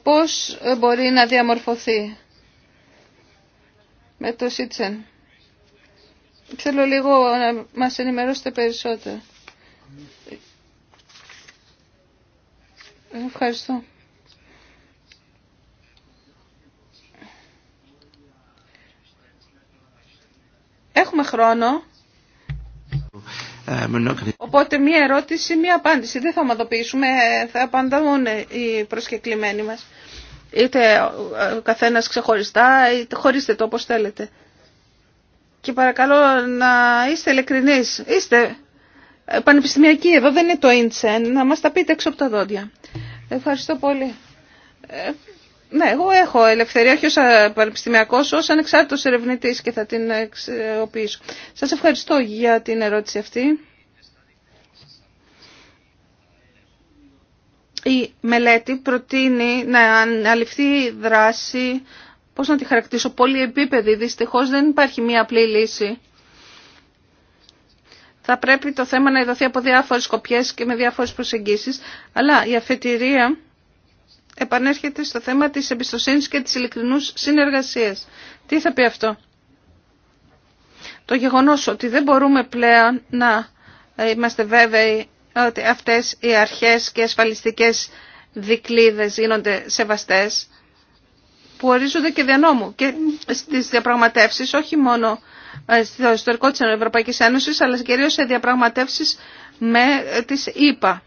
πώς μπορεί να διαμορφωθεί με το Σίτσεν. Θέλω λίγο να μας ενημερώσετε περισσότερο. Ευχαριστώ. Έχουμε χρόνο. Ε, Οπότε μία ερώτηση, μία απάντηση. Δεν θα ομαδοποιήσουμε, ε, θα απαντάμε οι προσκεκλημένοι μας είτε ο καθένας ξεχωριστά, είτε χωρίστε το όπως θέλετε. Και παρακαλώ να είστε ειλικρινείς. Είστε ε, πανεπιστημιακοί εδώ, δεν είναι το ίντσεν, να μας τα πείτε έξω από τα δόντια. Ευχαριστώ πολύ. Ε, ναι, εγώ έχω ελευθερία, όχι ως πανεπιστημιακός, ως ανεξάρτητος ερευνητής και θα την αξιοποιήσω. Ε, Σας ευχαριστώ για την ερώτηση αυτή. η μελέτη προτείνει να αναλυφθεί δράση, πώς να τη χαρακτήσω, πολύ επίπεδη. Δυστυχώς δεν υπάρχει μία απλή λύση. Θα πρέπει το θέμα να ειδωθεί από διάφορες σκοπιές και με διάφορες προσεγγίσεις, αλλά η αφετηρία επανέρχεται στο θέμα της εμπιστοσύνης και της ειλικρινούς συνεργασίας. Τι θα πει αυτό. Το γεγονός ότι δεν μπορούμε πλέον να είμαστε βέβαιοι ότι αυτές οι αρχές και ασφαλιστικές δικλίδες γίνονται σεβαστές που ορίζονται και διανόμου και στις διαπραγματεύσεις όχι μόνο ε, στο ιστορικό της Ευρωπαϊκής Ένωσης αλλά κυρίως σε διαπραγματεύσεις με τις ΗΠΑ.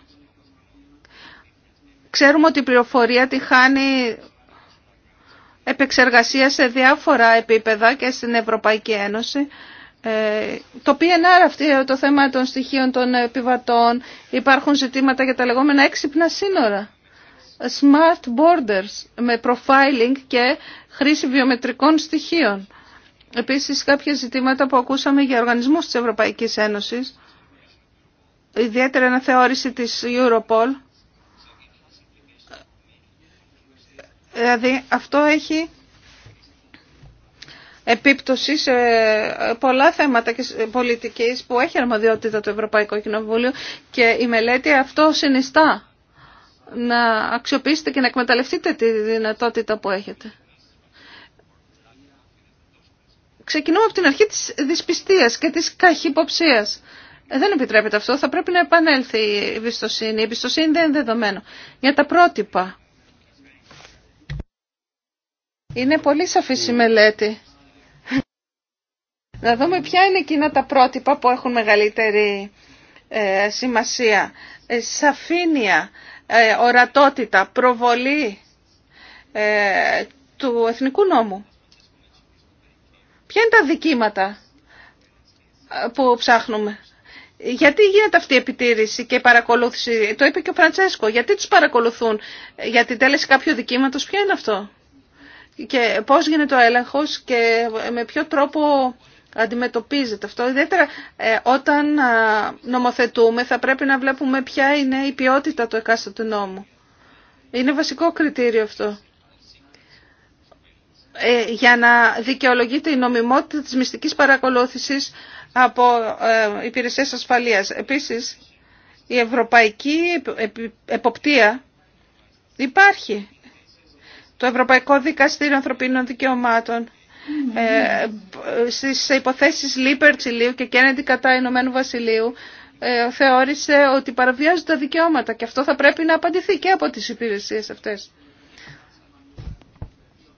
Ξέρουμε ότι η πληροφορία τη χάνει επεξεργασία σε διάφορα επίπεδα και στην Ευρωπαϊκή Ένωση ε, το PNR αυτή, ε, το θέμα των στοιχείων των επιβατών, υπάρχουν ζητήματα για τα λεγόμενα έξυπνα σύνορα. Smart borders με profiling και χρήση βιομετρικών στοιχείων. Επίσης κάποια ζητήματα που ακούσαμε για οργανισμούς της Ευρωπαϊκής Ένωσης, ιδιαίτερα θεώρηση της Europol. Ε, δηλαδή αυτό έχει επίπτωση σε ε, πολλά θέματα και πολιτικής που έχει αρμοδιότητα το Ευρωπαϊκό Κοινοβούλιο και η μελέτη αυτό συνιστά να αξιοποιήσετε και να εκμεταλλευτείτε τη δυνατότητα που έχετε. Ξεκινούμε από την αρχή της δυσπιστίας και της καχυποψίας. Ε, δεν επιτρέπεται αυτό, θα πρέπει να επανέλθει η εμπιστοσύνη. Η εμπιστοσύνη δεν είναι δεδομένο. Για τα πρότυπα. Είναι πολύ σαφής η μελέτη να δούμε ποια είναι εκείνα τα πρότυπα που έχουν μεγαλύτερη ε, σημασία. Ε, σαφήνεια, ε, ορατότητα, προβολή του εθνικού νόμου. Ποια είναι τα δικήματα που ψάχνουμε. Γιατί γίνεται αυτή η επιτήρηση και η παρακολούθηση. Το είπε και ο Φραντσέσκο. Γιατί τους παρακολουθούν για την τέλεση κάποιου δικήματος. Ποιο είναι αυτό. Και πώς γίνεται ο έλεγχος και με ποιο τρόπο αντιμετωπίζεται αυτό. Ιδιαίτερα ε, όταν ε, νομοθετούμε θα πρέπει να βλέπουμε ποια είναι η ποιότητα του εκάστοτε νόμου. Είναι βασικό κριτήριο αυτό. Ε, για να δικαιολογείται η νομιμότητα της μυστικής παρακολούθησης από υπηρεσίες ασφαλείας. Επίσης, η ευρωπαϊκή εποπτεία υπάρχει. Το Ευρωπαϊκό Δικαστήριο Ανθρωπίνων Δικαιωμάτων ε, στις υποθέσεις Λίπερ Τσιλίου και Κέννεντι κατά Ηνωμένου Βασιλείου ε, θεώρησε ότι παραβιάζουν τα δικαιώματα και αυτό θα πρέπει να απαντηθεί και από τις υπηρεσίες αυτές.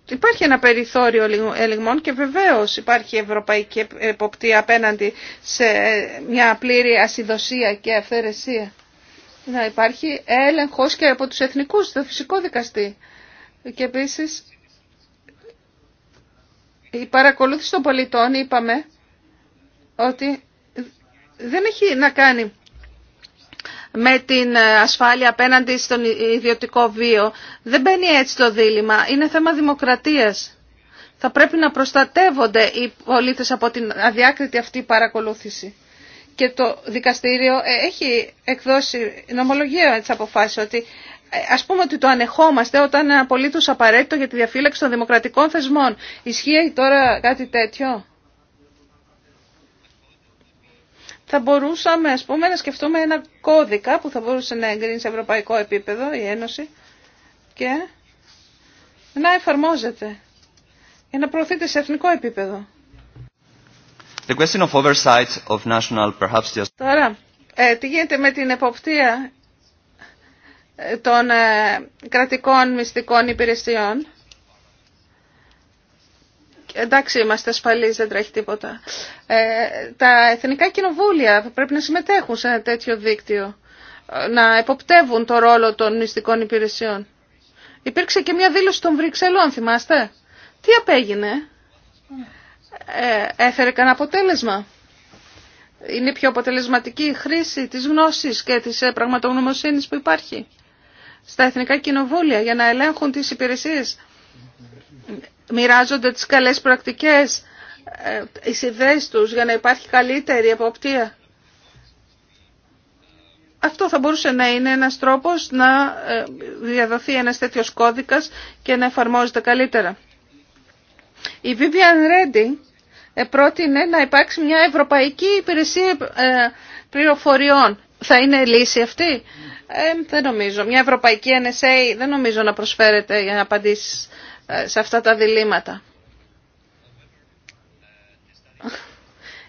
Υπάρχει ένα περιθώριο ελιγμών και βεβαίως υπάρχει ευρωπαϊκή εποπτεία απέναντι σε ε, μια πλήρη ασυδοσία και αυθαιρεσία. Να υπάρχει έλεγχος και από τους εθνικούς, το φυσικό δικαστή. Και επίσης η παρακολούθηση των πολιτών είπαμε ότι δεν έχει να κάνει με την ε, ασφάλεια απέναντι στον ιδιωτικό βίο. Δεν μπαίνει έτσι το δίλημα. Είναι θέμα δημοκρατίας. Θα πρέπει να προστατεύονται οι πολίτες από την αδιάκριτη αυτή παρακολούθηση. Και το δικαστήριο ε, έχει εκδώσει νομολογία έτσι αποφάσει ότι ας πούμε ότι το ανεχόμαστε όταν είναι απολύτως απαραίτητο για τη διαφύλαξη των δημοκρατικών θεσμών. Ισχύει τώρα κάτι τέτοιο. Θα μπορούσαμε, ας πούμε, να σκεφτούμε ένα κώδικα που θα μπορούσε να εγκρίνει σε ευρωπαϊκό επίπεδο η Ένωση και να εφαρμόζεται για να προωθείται σε εθνικό επίπεδο. Τώρα, ε, τι γίνεται με την εποπτεία των ε, κρατικών μυστικών υπηρεσιών. Εντάξει, είμαστε ασφαλεί δεν τρέχει τίποτα. Ε, τα εθνικά κοινοβούλια πρέπει να συμμετέχουν σε ένα τέτοιο δίκτυο, ε, να εποπτεύουν το ρόλο των μυστικών υπηρεσιών. Υπήρξε και μια δήλωση των Βρυξελών, θυμάστε. Τι απέγινε. Ε, έφερε κανένα αποτέλεσμα. Είναι πιο αποτελεσματική η χρήση της γνώσης και της πραγματογνωμοσύνης που υπάρχει στα εθνικά κοινοβούλια για να ελέγχουν τις υπηρεσίες. Μοιράζονται τις καλές πρακτικές, οι ε, ιδέες τους για να υπάρχει καλύτερη εποπτεία. Αυτό θα μπορούσε να είναι ένας τρόπος να ε, διαδοθεί ένας τέτοιος κώδικας και να εφαρμόζεται καλύτερα. Η Vivian Redding πρότεινε να υπάρξει μια ευρωπαϊκή υπηρεσία ε, πληροφοριών θα είναι λύση αυτή. Ε, δεν νομίζω. Μια ευρωπαϊκή NSA δεν νομίζω να προσφέρεται για να απαντήσει ε, σε αυτά τα διλήμματα.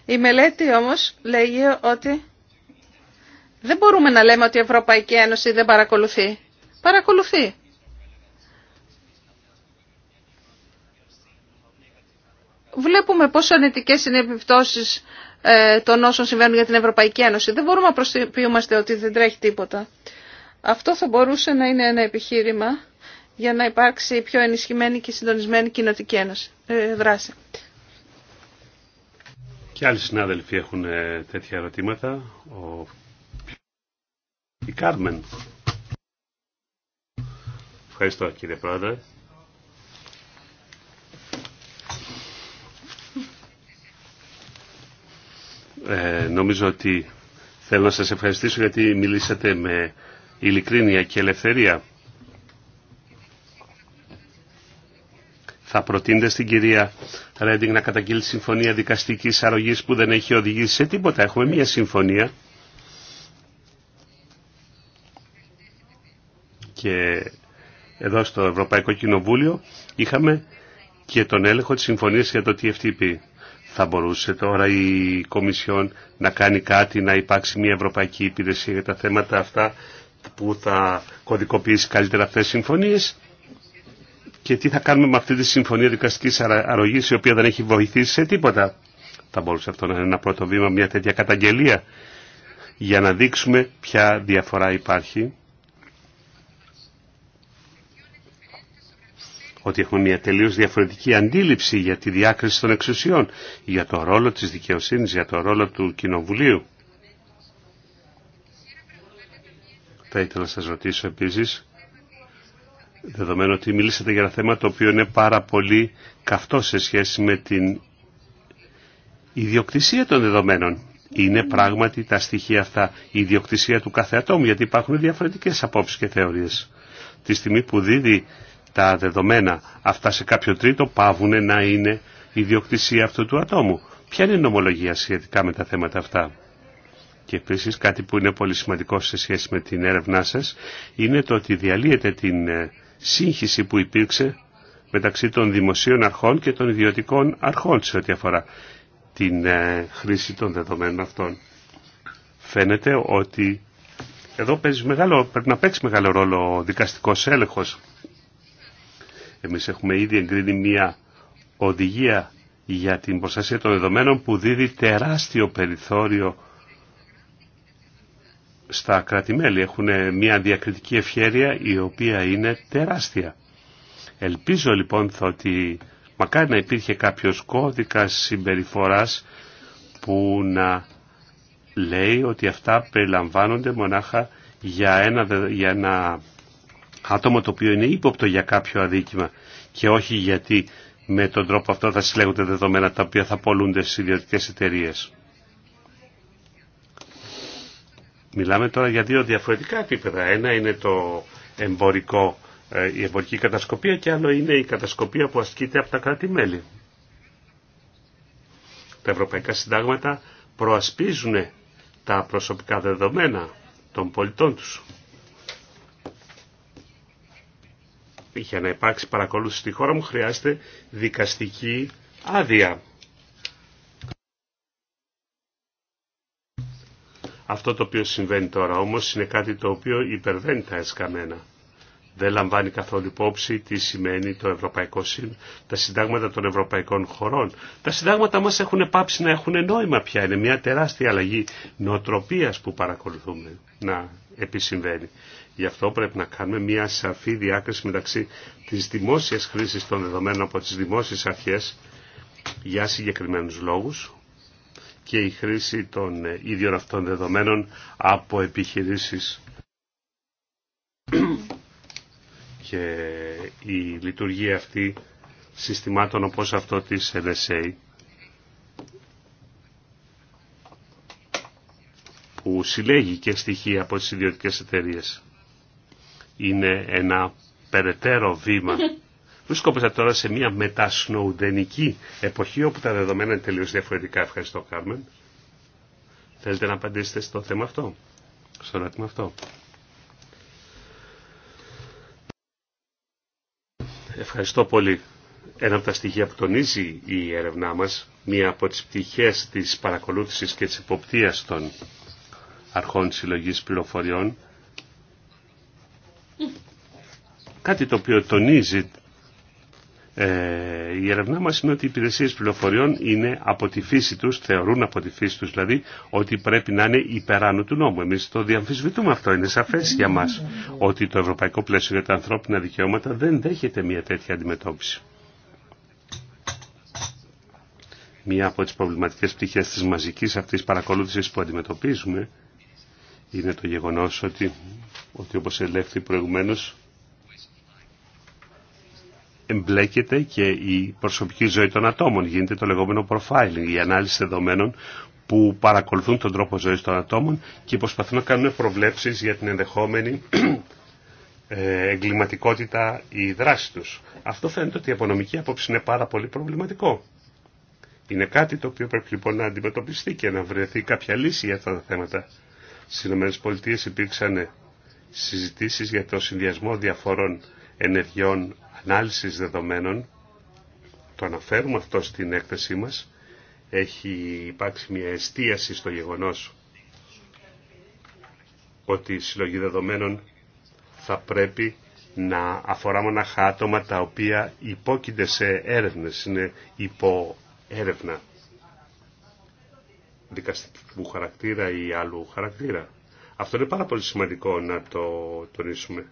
Η μελέτη όμως λέγει ότι δεν μπορούμε να λέμε ότι η Ευρωπαϊκή Ένωση δεν παρακολουθεί. Παρακολουθεί. Βλέπουμε πόσο ανετικές είναι οι επιπτώσεις ε, των όσων συμβαίνουν για την Ευρωπαϊκή Ένωση. Δεν μπορούμε να προσποιούμαστε ότι δεν τρέχει τίποτα. Αυτό θα μπορούσε να είναι ένα επιχείρημα για να υπάρξει πιο ενισχυμένη και συντονισμένη κοινοτική ένωση, ε, δράση. Και άλλοι συνάδελφοι έχουν ε, τέτοια ερωτήματα. Ο... Η Κάρμεν. Ευχαριστώ κύριε Πρόεδρε. Ε, νομίζω ότι θέλω να σας ευχαριστήσω γιατί μιλήσατε με ειλικρίνεια και ελευθερία. Θα προτείνετε στην κυρία Ρέντινγκ να καταγγείλει συμφωνία δικαστικής αρρωγής που δεν έχει οδηγήσει σε τίποτα. Έχουμε μία συμφωνία και εδώ στο Ευρωπαϊκό Κοινοβούλιο είχαμε και τον έλεγχο της συμφωνίας για το TFTP. Θα μπορούσε τώρα η Κομισιόν να κάνει κάτι, να υπάρξει μια Ευρωπαϊκή Υπηρεσία για τα θέματα αυτά που θα κωδικοποιήσει καλύτερα αυτές τις συμφωνίες και τι θα κάνουμε με αυτή τη συμφωνία δικαστικής αρρωγής η οποία δεν έχει βοηθήσει σε τίποτα. Θα μπορούσε αυτό να είναι ένα πρώτο βήμα, μια τέτοια καταγγελία για να δείξουμε ποια διαφορά υπάρχει ότι έχουν μια τελείως διαφορετική αντίληψη για τη διάκριση των εξουσιών, για το ρόλο της δικαιοσύνης, για το ρόλο του Κοινοβουλίου. Θα ήθελα να σας ρωτήσω επίσης, δεδομένου ότι μιλήσατε για ένα θέμα το οποίο είναι πάρα πολύ καυτό σε σχέση με την ιδιοκτησία των δεδομένων. Είναι πράγματι τα στοιχεία αυτά η ιδιοκτησία του κάθε ατόμου, γιατί υπάρχουν διαφορετικές απόψεις και θεωρίες. Τη στιγμή που δίδει τα δεδομένα αυτά σε κάποιο τρίτο πάβουν να είναι ιδιοκτησία αυτού του ατόμου. Ποια είναι η νομολογία σχετικά με τα θέματα αυτά. Και επίσης κάτι που είναι πολύ σημαντικό σε σχέση με την έρευνά σας είναι το ότι διαλύεται την ε, σύγχυση που υπήρξε μεταξύ των δημοσίων αρχών και των ιδιωτικών αρχών σε ό,τι αφορά την ε, χρήση των δεδομένων αυτών. Φαίνεται ότι εδώ μεγάλο, πρέπει να παίξει μεγάλο ρόλο ο δικαστικός έλεγχος εμείς έχουμε ήδη εγκρίνει μια οδηγία για την προστασία των δεδομένων που δίδει τεράστιο περιθώριο στα κράτη-μέλη. Έχουν μια διακριτική ευχέρεια η οποία είναι τεράστια. Ελπίζω λοιπόν ότι μακάρι να υπήρχε κάποιος κώδικας συμπεριφοράς που να λέει ότι αυτά περιλαμβάνονται μονάχα για ένα, για ένα άτομο το οποίο είναι ύποπτο για κάποιο αδίκημα και όχι γιατί με τον τρόπο αυτό θα συλλέγονται δεδομένα τα οποία θα πολλούνται στις ιδιωτικές εταιρείε. Μιλάμε τώρα για δύο διαφορετικά επίπεδα. Ένα είναι το εμπορικό, ε, η εμπορική κατασκοπία και άλλο είναι η κατασκοπία που ασκείται από τα κράτη-μέλη. Τα ευρωπαϊκά συντάγματα προασπίζουν τα προσωπικά δεδομένα των πολιτών τους. για να υπάρξει παρακολούθηση στη χώρα μου χρειάζεται δικαστική άδεια. Αυτό το οποίο συμβαίνει τώρα όμως είναι κάτι το οποίο υπερβαίνει τα εσκαμένα. Δεν λαμβάνει καθόλου υπόψη τι σημαίνει το Ευρωπαϊκό Σύν, τα συντάγματα των ευρωπαϊκών χωρών. Τα συντάγματα μας έχουν πάψει να έχουν νόημα πια. Είναι μια τεράστια αλλαγή νοοτροπίας που παρακολουθούμε να επισυμβαίνει. Γι' αυτό πρέπει να κάνουμε μια σαφή διάκριση μεταξύ της δημόσιας χρήσης των δεδομένων από τις δημόσιες αρχές για συγκεκριμένους λόγους και η χρήση των ε, ίδιων αυτών δεδομένων από επιχειρήσεις και η λειτουργία αυτή συστημάτων όπως αυτό της NSA που συλλέγει και στοιχεία από τις ιδιωτικές εταιρείες είναι ένα περαιτέρω βήμα. Βρισκόμαστε τώρα σε μια μετασνοουδενική εποχή όπου τα δεδομένα είναι τελείως διαφορετικά. Ευχαριστώ Κάρμεν. Θέλετε να απαντήσετε στο θέμα αυτό, στο ερώτημα αυτό. Ευχαριστώ πολύ. Ένα από τα στοιχεία που τονίζει η έρευνά μας, μία από τις πτυχές της παρακολούθησης και της υποπτίας των αρχών συλλογής πληροφοριών, Κάτι το οποίο τονίζει ε, η ερευνά μας είναι ότι οι υπηρεσίες πληροφοριών είναι από τη φύση τους, θεωρούν από τη φύση τους δηλαδή, ότι πρέπει να είναι υπεράνω του νόμου. Εμείς το διαμφισβητούμε αυτό, είναι σαφές για μας ότι το ευρωπαϊκό πλαίσιο για τα ανθρώπινα δικαιώματα δεν δέχεται μια τέτοια αντιμετώπιση. Μία από τις προβληματικές πτυχές της μαζικής αυτής παρακολούθησης που αντιμετωπίζουμε είναι το γεγονός ότι, ότι όπως ελέγχθη προηγουμένως εμπλέκεται και η προσωπική ζωή των ατόμων. Γίνεται το λεγόμενο profiling, η ανάλυση δεδομένων που παρακολουθούν τον τρόπο ζωής των ατόμων και προσπαθούν να κάνουν προβλέψεις για την ενδεχόμενη ε, εγκληματικότητα ή δράση τους. Αυτό φαίνεται ότι η απονομική άποψη είναι πάρα πολύ προβληματικό. Είναι κάτι το οποίο πρέπει λοιπόν να αντιμετωπιστεί και να βρεθεί κάποια λύση για αυτά τα θέματα. Στι ΗΠΑ υπήρξαν συζητήσεις για το συνδυασμό διαφορών ενεργειών ανάλυσης δεδομένων, το αναφέρουμε αυτό στην έκθεσή μας, έχει υπάρξει μια εστίαση στο γεγονός ότι η συλλογή δεδομένων θα πρέπει να αφορά μοναχά άτομα τα οποία υπόκεινται σε έρευνες, είναι υπό έρευνα δικαστικού χαρακτήρα ή άλλου χαρακτήρα. Αυτό είναι πάρα πολύ σημαντικό να το τονίσουμε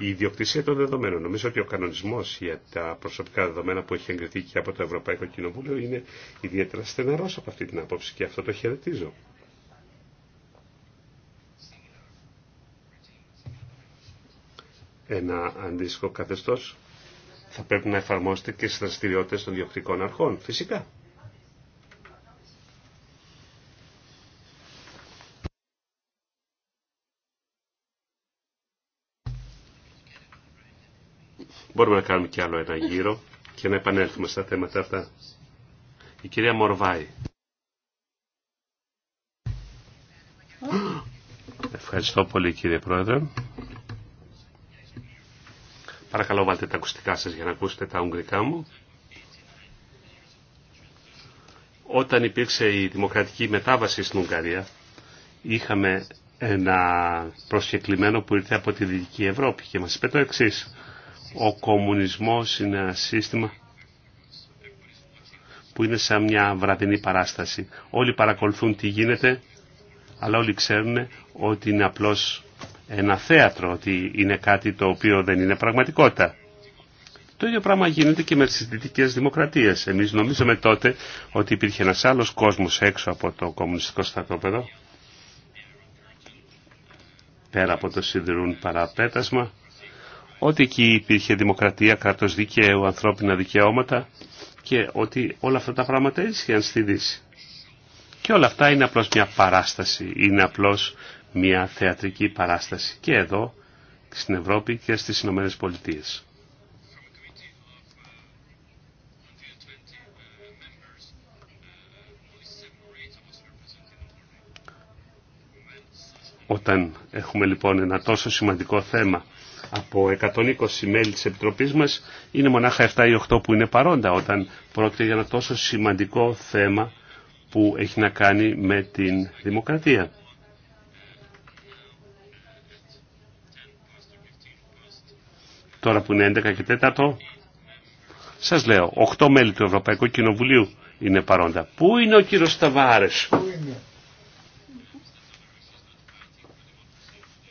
η ιδιοκτησία των δεδομένων. Νομίζω ότι ο κανονισμός για τα προσωπικά δεδομένα που έχει εγκριθεί και από το Ευρωπαϊκό Κοινοβούλιο είναι ιδιαίτερα στεναρό από αυτή την άποψη και αυτό το χαιρετίζω. Ένα αντίστοιχο καθεστώ. θα πρέπει να εφαρμόσετε και στι δραστηριότητε των διοκτικών αρχών. Φυσικά. Μπορούμε να κάνουμε κι άλλο ένα γύρο και να επανέλθουμε στα θέματα αυτά. Η κυρία Μορβάη. Ευχαριστώ πολύ κύριε Πρόεδρε. Παρακαλώ βάλτε τα ακουστικά σας για να ακούσετε τα ουγγρικά μου. Όταν υπήρξε η δημοκρατική μετάβαση στην Ουγγαρία, είχαμε ένα προσκεκλημένο που ήρθε από τη Δυτική Ευρώπη και μας είπε το εξής. Ο κομμουνισμός είναι ένα σύστημα που είναι σαν μια βραδινή παράσταση. Όλοι παρακολουθούν τι γίνεται, αλλά όλοι ξέρουν ότι είναι απλώς ένα θέατρο, ότι είναι κάτι το οποίο δεν είναι πραγματικότητα. Το ίδιο πράγμα γίνεται και με τις δυτικές δημοκρατίες. Εμείς νομίζαμε τότε ότι υπήρχε ένας άλλος κόσμος έξω από το κομμουνιστικό στρατόπεδο, πέρα από το σιδηρούν παραπέτασμα, ότι εκεί υπήρχε δημοκρατία, κράτος δικαίου, ανθρώπινα δικαιώματα και ότι όλα αυτά τα πράγματα ίσχυαν στη Δύση. Και όλα αυτά είναι απλώς μια παράσταση, είναι απλώς μια θεατρική παράσταση και εδώ στην Ευρώπη και στις Ηνωμένες Πολιτείες. Όταν έχουμε λοιπόν ένα τόσο σημαντικό θέμα από 120 μέλη της Επιτροπής μας είναι μονάχα 7 ή 8 που είναι παρόντα όταν πρόκειται για ένα τόσο σημαντικό θέμα που έχει να κάνει με την δημοκρατία. Τώρα που είναι 11 και 4, σας λέω, 8 μέλη του Ευρωπαϊκού Κοινοβουλίου είναι παρόντα. Πού είναι ο κύριος Σταβάρες,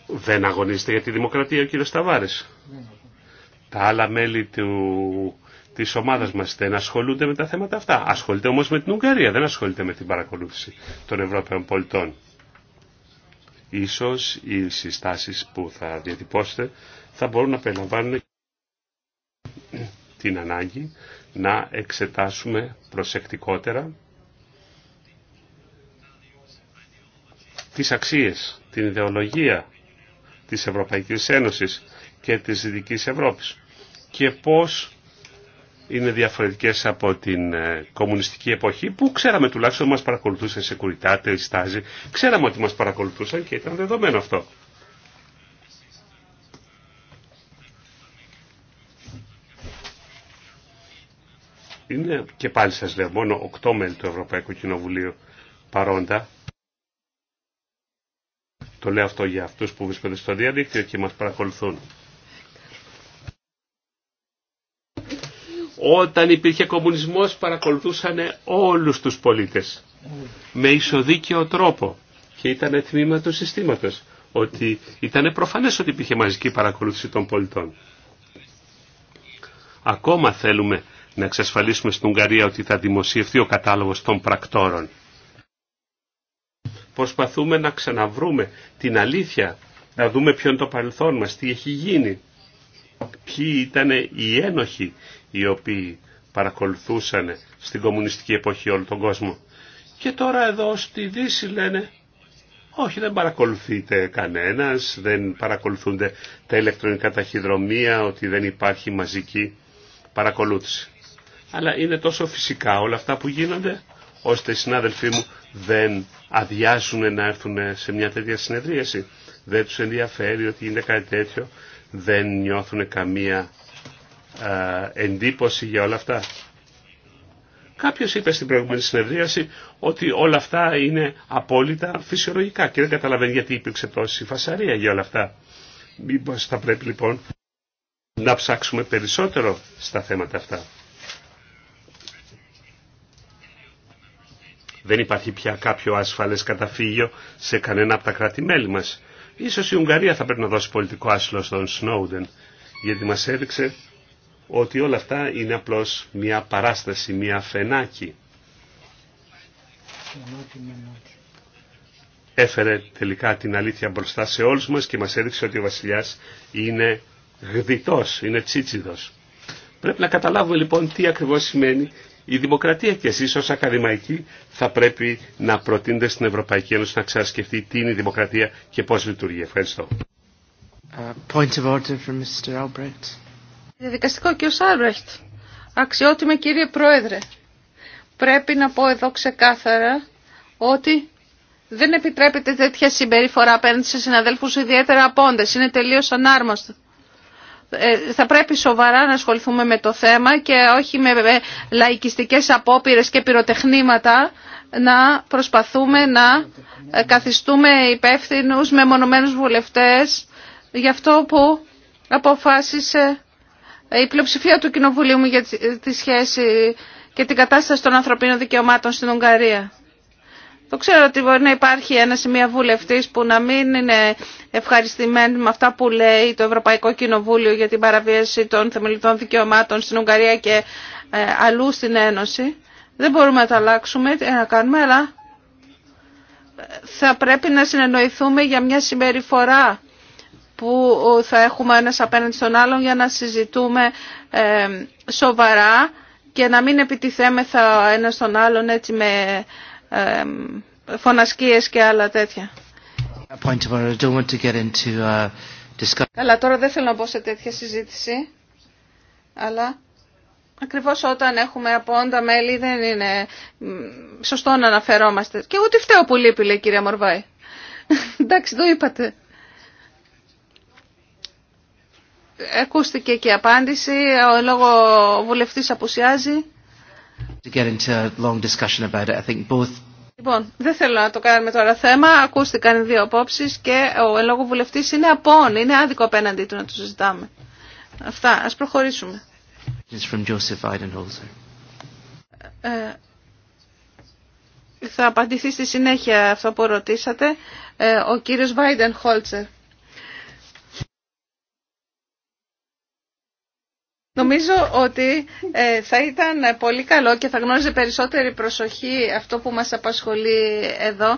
Δεν αγωνίζεται για τη δημοκρατία ο κύριος Σταβάρης. Τα άλλα μέλη του, της ομάδας μας δεν ασχολούνται με τα θέματα αυτά. Ασχολείται όμως με την Ουγγαρία, δεν ασχολείται με την παρακολούθηση των Ευρώπαιων πολιτών. Ίσως οι συστάσεις που θα διατυπώσετε θα μπορούν να περιλαμβάνουν την ανάγκη να εξετάσουμε προσεκτικότερα τις αξίες, την ιδεολογία της Ευρωπαϊκής Ένωσης και της Δυτικής Ευρώπης και πώς είναι διαφορετικές από την ε, κομμουνιστική εποχή που ξέραμε τουλάχιστον μας παρακολουθούσαν σε κουριτάτε, στάζι, ξέραμε ότι μας παρακολουθούσαν και ήταν δεδομένο αυτό. Είναι και πάλι σας λέω μόνο οκτώ μέλη του Ευρωπαϊκού Κοινοβουλίου παρόντα το λέω αυτό για αυτούς που βρίσκονται στο διαδίκτυο και μας παρακολουθούν. Όταν υπήρχε κομμουνισμός παρακολουθούσαν όλους τους πολίτες με ισοδίκαιο τρόπο και ήταν τμήμα του συστήματος ότι ήταν προφανές ότι υπήρχε μαζική παρακολούθηση των πολιτών. Ακόμα θέλουμε να εξασφαλίσουμε στην Ουγγαρία ότι θα δημοσιευθεί ο κατάλογος των πρακτόρων. Προσπαθούμε να ξαναβρούμε την αλήθεια, να δούμε ποιον είναι το παρελθόν μας, τι έχει γίνει. Ποιοι ήταν οι ένοχοι οι οποίοι παρακολουθούσαν στην κομμουνιστική εποχή όλο τον κόσμο. Και τώρα εδώ στη Δύση λένε όχι δεν παρακολουθείται κανένας, δεν παρακολουθούνται τα ηλεκτρονικά ταχυδρομεία, ότι δεν υπάρχει μαζική παρακολούθηση. Αλλά είναι τόσο φυσικά όλα αυτά που γίνονται, ώστε οι συνάδελφοί μου δεν αδειάσουν να έρθουν σε μια τέτοια συνεδρίαση. Δεν τους ενδιαφέρει ότι είναι κάτι τέτοιο. Δεν νιώθουν καμία εντύπωση για όλα αυτά. Κάποιος είπε στην προηγούμενη συνεδρίαση ότι όλα αυτά είναι απόλυτα φυσιολογικά και δεν καταλαβαίνει γιατί υπήρξε τόση φασαρία για όλα αυτά. Μήπως θα πρέπει λοιπόν να ψάξουμε περισσότερο στα θέματα αυτά. Δεν υπάρχει πια κάποιο ασφαλές καταφύγιο σε κανένα από τα κράτη-μέλη μας. Ίσως η Ουγγαρία θα πρέπει να δώσει πολιτικό άσυλο στον Σνόουδεν, γιατί μας έδειξε ότι όλα αυτά είναι απλώς μια παράσταση, μια φενάκι. Έφερε τελικά την αλήθεια μπροστά σε όλους μας και μας έδειξε ότι ο βασιλιάς είναι γδιτός, είναι τσίτσιδος. Πρέπει να καταλάβουμε λοιπόν τι ακριβώς σημαίνει η δημοκρατία και εσείς ως ακαδημαϊκοί θα πρέπει να προτείνετε στην Ευρωπαϊκή Ένωση να ξανασκεφτεί τι είναι η δημοκρατία και πώς λειτουργεί. Ευχαριστώ. Uh, point of order from Αξιότιμε κύριε Πρόεδρε. Πρέπει να πω εδώ ξεκάθαρα ότι δεν επιτρέπεται τέτοια συμπεριφορά απέναντι σε συναδέλφους ιδιαίτερα απόντες. Είναι τελείως ανάρμοστο. Ε, θα πρέπει σοβαρά να ασχοληθούμε με το θέμα και όχι με λαϊκιστικές απόπειρες και πυροτεχνήματα να προσπαθούμε να ε, καθιστούμε υπεύθυνου με μονομένους βουλευτές για αυτό που αποφάσισε η πλειοψηφία του Κοινοβουλίου μου για τη σχέση και την κατάσταση των ανθρωπίνων δικαιωμάτων στην Ουγγαρία. Το ξέρω ότι μπορεί να υπάρχει ένα σημείο βουλευτή που να μην είναι ευχαριστημένη με αυτά που λέει το Ευρωπαϊκό Κοινοβούλιο για την παραβίαση των θεμελιωτών δικαιωμάτων στην Ουγγαρία και ε, αλλού στην Ένωση. Δεν μπορούμε να τα αλλάξουμε, να κάνουμε, αλλά ε, θα πρέπει να συνεννοηθούμε για μια συμπεριφορά που θα έχουμε ένας απέναντι στον άλλον για να συζητούμε ε, σοβαρά και να μην επιτιθέμεθα ένα στον άλλον έτσι με φωνασκίες και άλλα τέτοια. Uh, Καλά, τώρα δεν θέλω να μπω σε τέτοια συζήτηση, αλλά ακριβώς όταν έχουμε από όντα μέλη δεν είναι σωστό να αναφερόμαστε. Και ούτε φταίω που λείπει, λέει η κυρία Μορβάη. Εντάξει, το είπατε. Ακούστηκε και η απάντηση, ο λόγο βουλευτής απουσιάζει. Λοιπόν, δεν θέλω να το κάνουμε τώρα θέμα. Ακούστηκαν δύο απόψει και ο ελόγου βουλευτής είναι απόν. Είναι άδικο απέναντί του να το συζητάμε. Αυτά. Ας προχωρήσουμε. Ε, θα απαντηθεί στη συνέχεια αυτό που ρωτήσατε. Ε, ο κύριος Βάιντεν Χόλτσερ. Νομίζω ότι ε, θα ήταν πολύ καλό και θα γνώριζε περισσότερη προσοχή αυτό που μας απασχολεί εδώ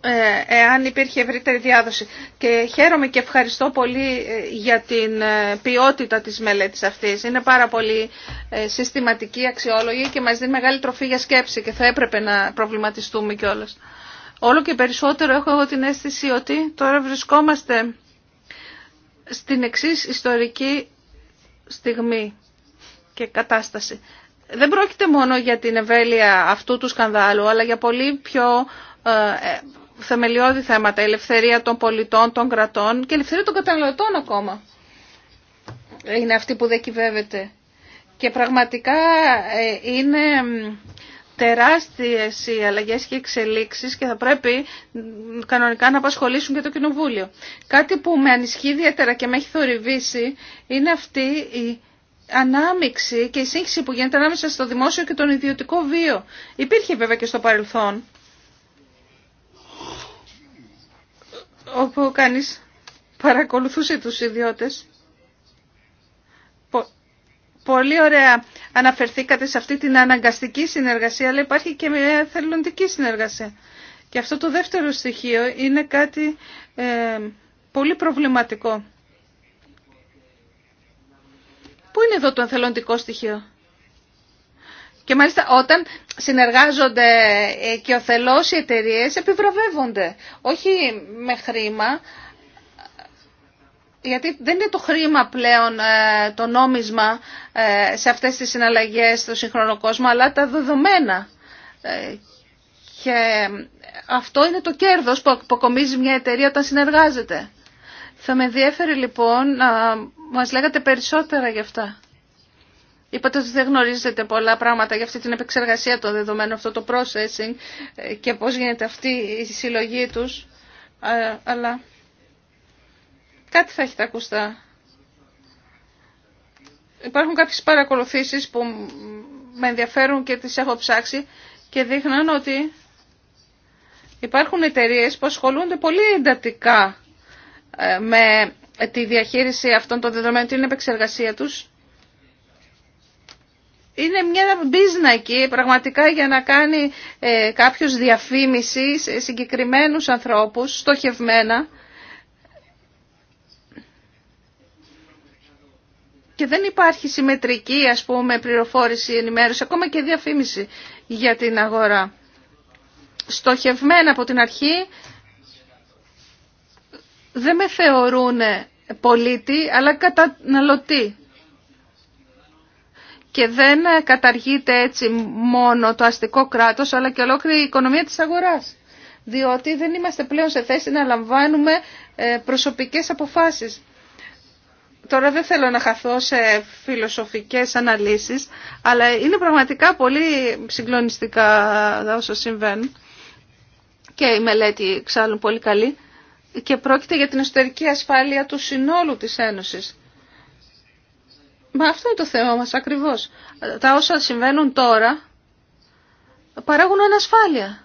ε, εάν υπήρχε ευρύτερη διάδοση. Και χαίρομαι και ευχαριστώ πολύ ε, για την ποιότητα της μελέτης αυτής. Είναι πάρα πολύ συστηματική, αξιόλογη και μας δίνει μεγάλη τροφή για σκέψη και θα έπρεπε να προβληματιστούμε κιόλας. Όλο και περισσότερο έχω εγώ την αίσθηση ότι τώρα βρισκόμαστε στην εξής ιστορική στιγμή και κατάσταση. Δεν πρόκειται μόνο για την ευέλεια αυτού του σκανδάλου, αλλά για πολύ πιο ε, ε, θεμελιώδη θέματα, η ελευθερία των πολιτών, των κρατών και η ελευθερία των καταναλωτών ακόμα. Είναι αυτή που κυβεύεται. Και πραγματικά ε, είναι τεράστιες οι αλλαγές και εξελίξεις και θα πρέπει κανονικά να απασχολήσουν και το Κοινοβούλιο. Κάτι που με ανισχύει ιδιαίτερα και με έχει θορυβήσει είναι αυτή η ανάμειξη και η σύγχυση που γίνεται ανάμεσα στο δημόσιο και τον ιδιωτικό βίο. Υπήρχε βέβαια και στο παρελθόν όπου κανείς παρακολουθούσε τους ιδιώτες Πολύ ωραία αναφερθήκατε σε αυτή την αναγκαστική συνεργασία, αλλά υπάρχει και μια θελοντική συνεργασία. Και αυτό το δεύτερο στοιχείο είναι κάτι ε, πολύ προβληματικό. Πού είναι εδώ το θελοντικό στοιχείο. Και μάλιστα όταν συνεργάζονται ε, και ο θελός οι εταιρείε επιβραβεύονται. Όχι με χρήμα, γιατί δεν είναι το χρήμα πλέον ε, το νόμισμα ε, σε αυτές τις συναλλαγές στο σύγχρονο κόσμο, αλλά τα δεδομένα. Ε, και αυτό είναι το κέρδος που αποκομίζει μια εταιρεία όταν συνεργάζεται. Θα με ενδιαφέρει λοιπόν να μας λέγατε περισσότερα γι' αυτά. Είπατε ότι δεν γνωρίζετε πολλά πράγματα για αυτή την επεξεργασία των δεδομένων, αυτό το processing και πώς γίνεται αυτή η συλλογή τους. Αλλά κάτι θα έχετε ακουστά. Υπάρχουν κάποιες παρακολουθήσεις που με ενδιαφέρουν και τις έχω ψάξει και δείχναν ότι υπάρχουν εταιρείες που ασχολούνται πολύ εντατικά ε, με τη διαχείριση αυτών των δεδομένων, την επεξεργασία τους. Είναι μια εκεί πραγματικά για να κάνει ε, κάποιος διαφήμιση σε συγκεκριμένους ανθρώπους, στοχευμένα, και δεν υπάρχει συμμετρική ας πούμε πληροφόρηση, ενημέρωση, ακόμα και διαφήμιση για την αγορά. Στοχευμένα από την αρχή δεν με θεωρούν πολίτη αλλά καταναλωτή. Και δεν καταργείται έτσι μόνο το αστικό κράτος αλλά και ολόκληρη η οικονομία της αγοράς. Διότι δεν είμαστε πλέον σε θέση να λαμβάνουμε ε, προσωπικές αποφάσεις. Τώρα δεν θέλω να χαθώ σε φιλοσοφικές αναλύσεις, αλλά είναι πραγματικά πολύ συγκλονιστικά όσα συμβαίνουν και η μελέτη εξάλλου πολύ καλή και πρόκειται για την εσωτερική ασφάλεια του συνόλου της Ένωσης. Μα αυτό είναι το θέμα μας ακριβώς. Τα όσα συμβαίνουν τώρα παράγουν ανασφάλεια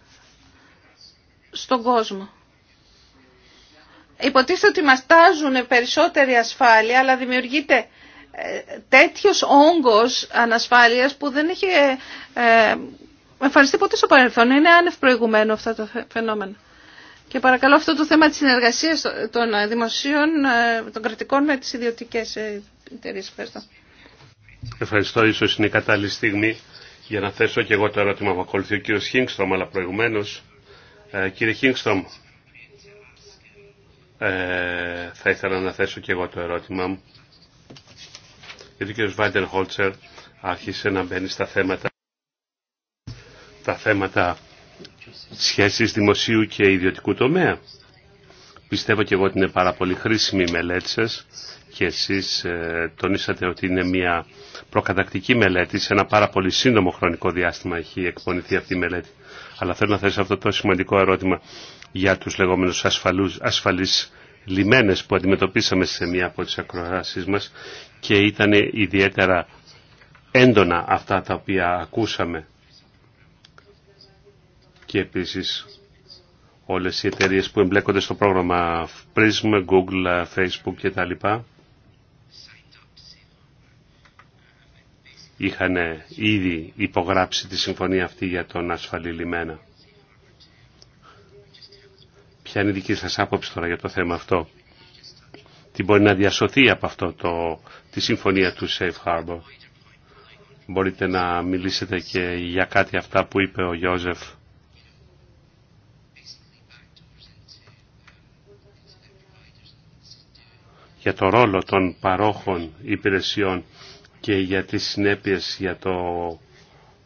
στον κόσμο. Υποτίθεται ότι μας περισσότερη ασφάλεια, αλλά δημιουργείται ε, τέτοιος όγκος ανασφάλειας που δεν έχει ε, ε, εμφανιστεί ποτέ στο παρελθόν. Είναι άνευ προηγουμένο αυτά το φαινόμενο. Και παρακαλώ αυτό το θέμα της συνεργασίας των δημοσίων, των κρατικών με τις ιδιωτικές εταιρείες. Ευχαριστώ. Ευχαριστώ. Ίσως είναι η κατάλληλη στιγμή για να θέσω και εγώ το ερώτημα που ακολουθεί ο κύριος Χίνγκστρομ, αλλά προηγουμένως. κύριε Χίνγκστρομ, ε, θα ήθελα να θέσω και εγώ το ερώτημά μου. Γιατί ο κ. Βάιντερ Χόλτσερ άρχισε να μπαίνει στα θέματα, τα θέματα σχέσεις δημοσίου και ιδιωτικού τομέα. Πιστεύω και εγώ ότι είναι πάρα πολύ χρήσιμη η μελέτη σας και εσείς ε, τονίσατε ότι είναι μια προκατακτική μελέτη. Σε ένα πάρα πολύ σύντομο χρονικό διάστημα έχει εκπονηθεί αυτή η μελέτη. Αλλά θέλω να θέσω αυτό το σημαντικό ερώτημα για τους λεγόμενους ασφαλεί ασφαλείς λιμένες που αντιμετωπίσαμε σε μία από τις ακροάσεις μας και ήταν ιδιαίτερα έντονα αυτά τα οποία ακούσαμε. Και επίσης όλες οι εταιρείες που εμπλέκονται στο πρόγραμμα Prism, Google, Facebook κτλ. είχαν ήδη υπογράψει τη συμφωνία αυτή για τον ασφαλή λιμένα. Ποια είναι η δική σας άποψη τώρα για το θέμα αυτό. Τι μπορεί να διασωθεί από αυτό το, τη συμφωνία του Safe Harbor. Μπορείτε να μιλήσετε και για κάτι αυτά που είπε ο Γιώζεφ. για το ρόλο των παρόχων υπηρεσιών και για τις συνέπειες για, το,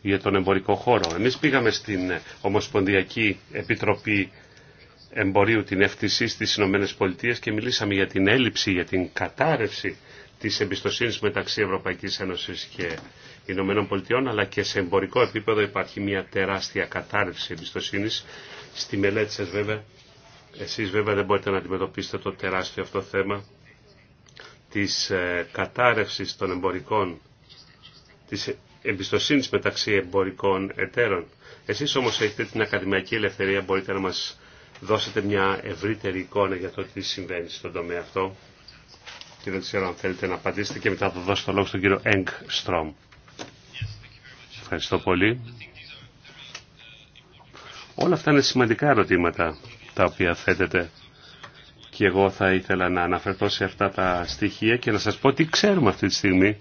για τον εμπορικό χώρο. Εμείς πήγαμε στην Ομοσπονδιακή Επιτροπή εμπορίου την FTC στις Ηνωμένες Πολιτείες και μιλήσαμε για την έλλειψη, για την κατάρρευση της εμπιστοσύνης μεταξύ Ευρωπαϊκής Ένωσης και Ηνωμένων Πολιτειών, αλλά και σε εμπορικό επίπεδο υπάρχει μια τεράστια κατάρρευση εμπιστοσύνης. Στη μελέτη σας βέβαια, εσείς βέβαια δεν μπορείτε να αντιμετωπίσετε το τεράστιο αυτό θέμα της ε, κατάρρευσης των εμπορικών, της εμπιστοσύνης μεταξύ εμπορικών εταίρων. Εσείς όμως έχετε την ακαδημαϊκή ελευθερία, μπορείτε να μας δώσετε μια ευρύτερη εικόνα για το τι συμβαίνει στον τομέα αυτό. Και δεν ξέρω αν θέλετε να απαντήσετε και μετά θα δώσω το λόγο στον κύριο Εγκ Ευχαριστώ πολύ. Όλα αυτά είναι σημαντικά ερωτήματα τα οποία θέτετε και εγώ θα ήθελα να αναφερθώ σε αυτά τα στοιχεία και να σας πω τι ξέρουμε αυτή τη στιγμή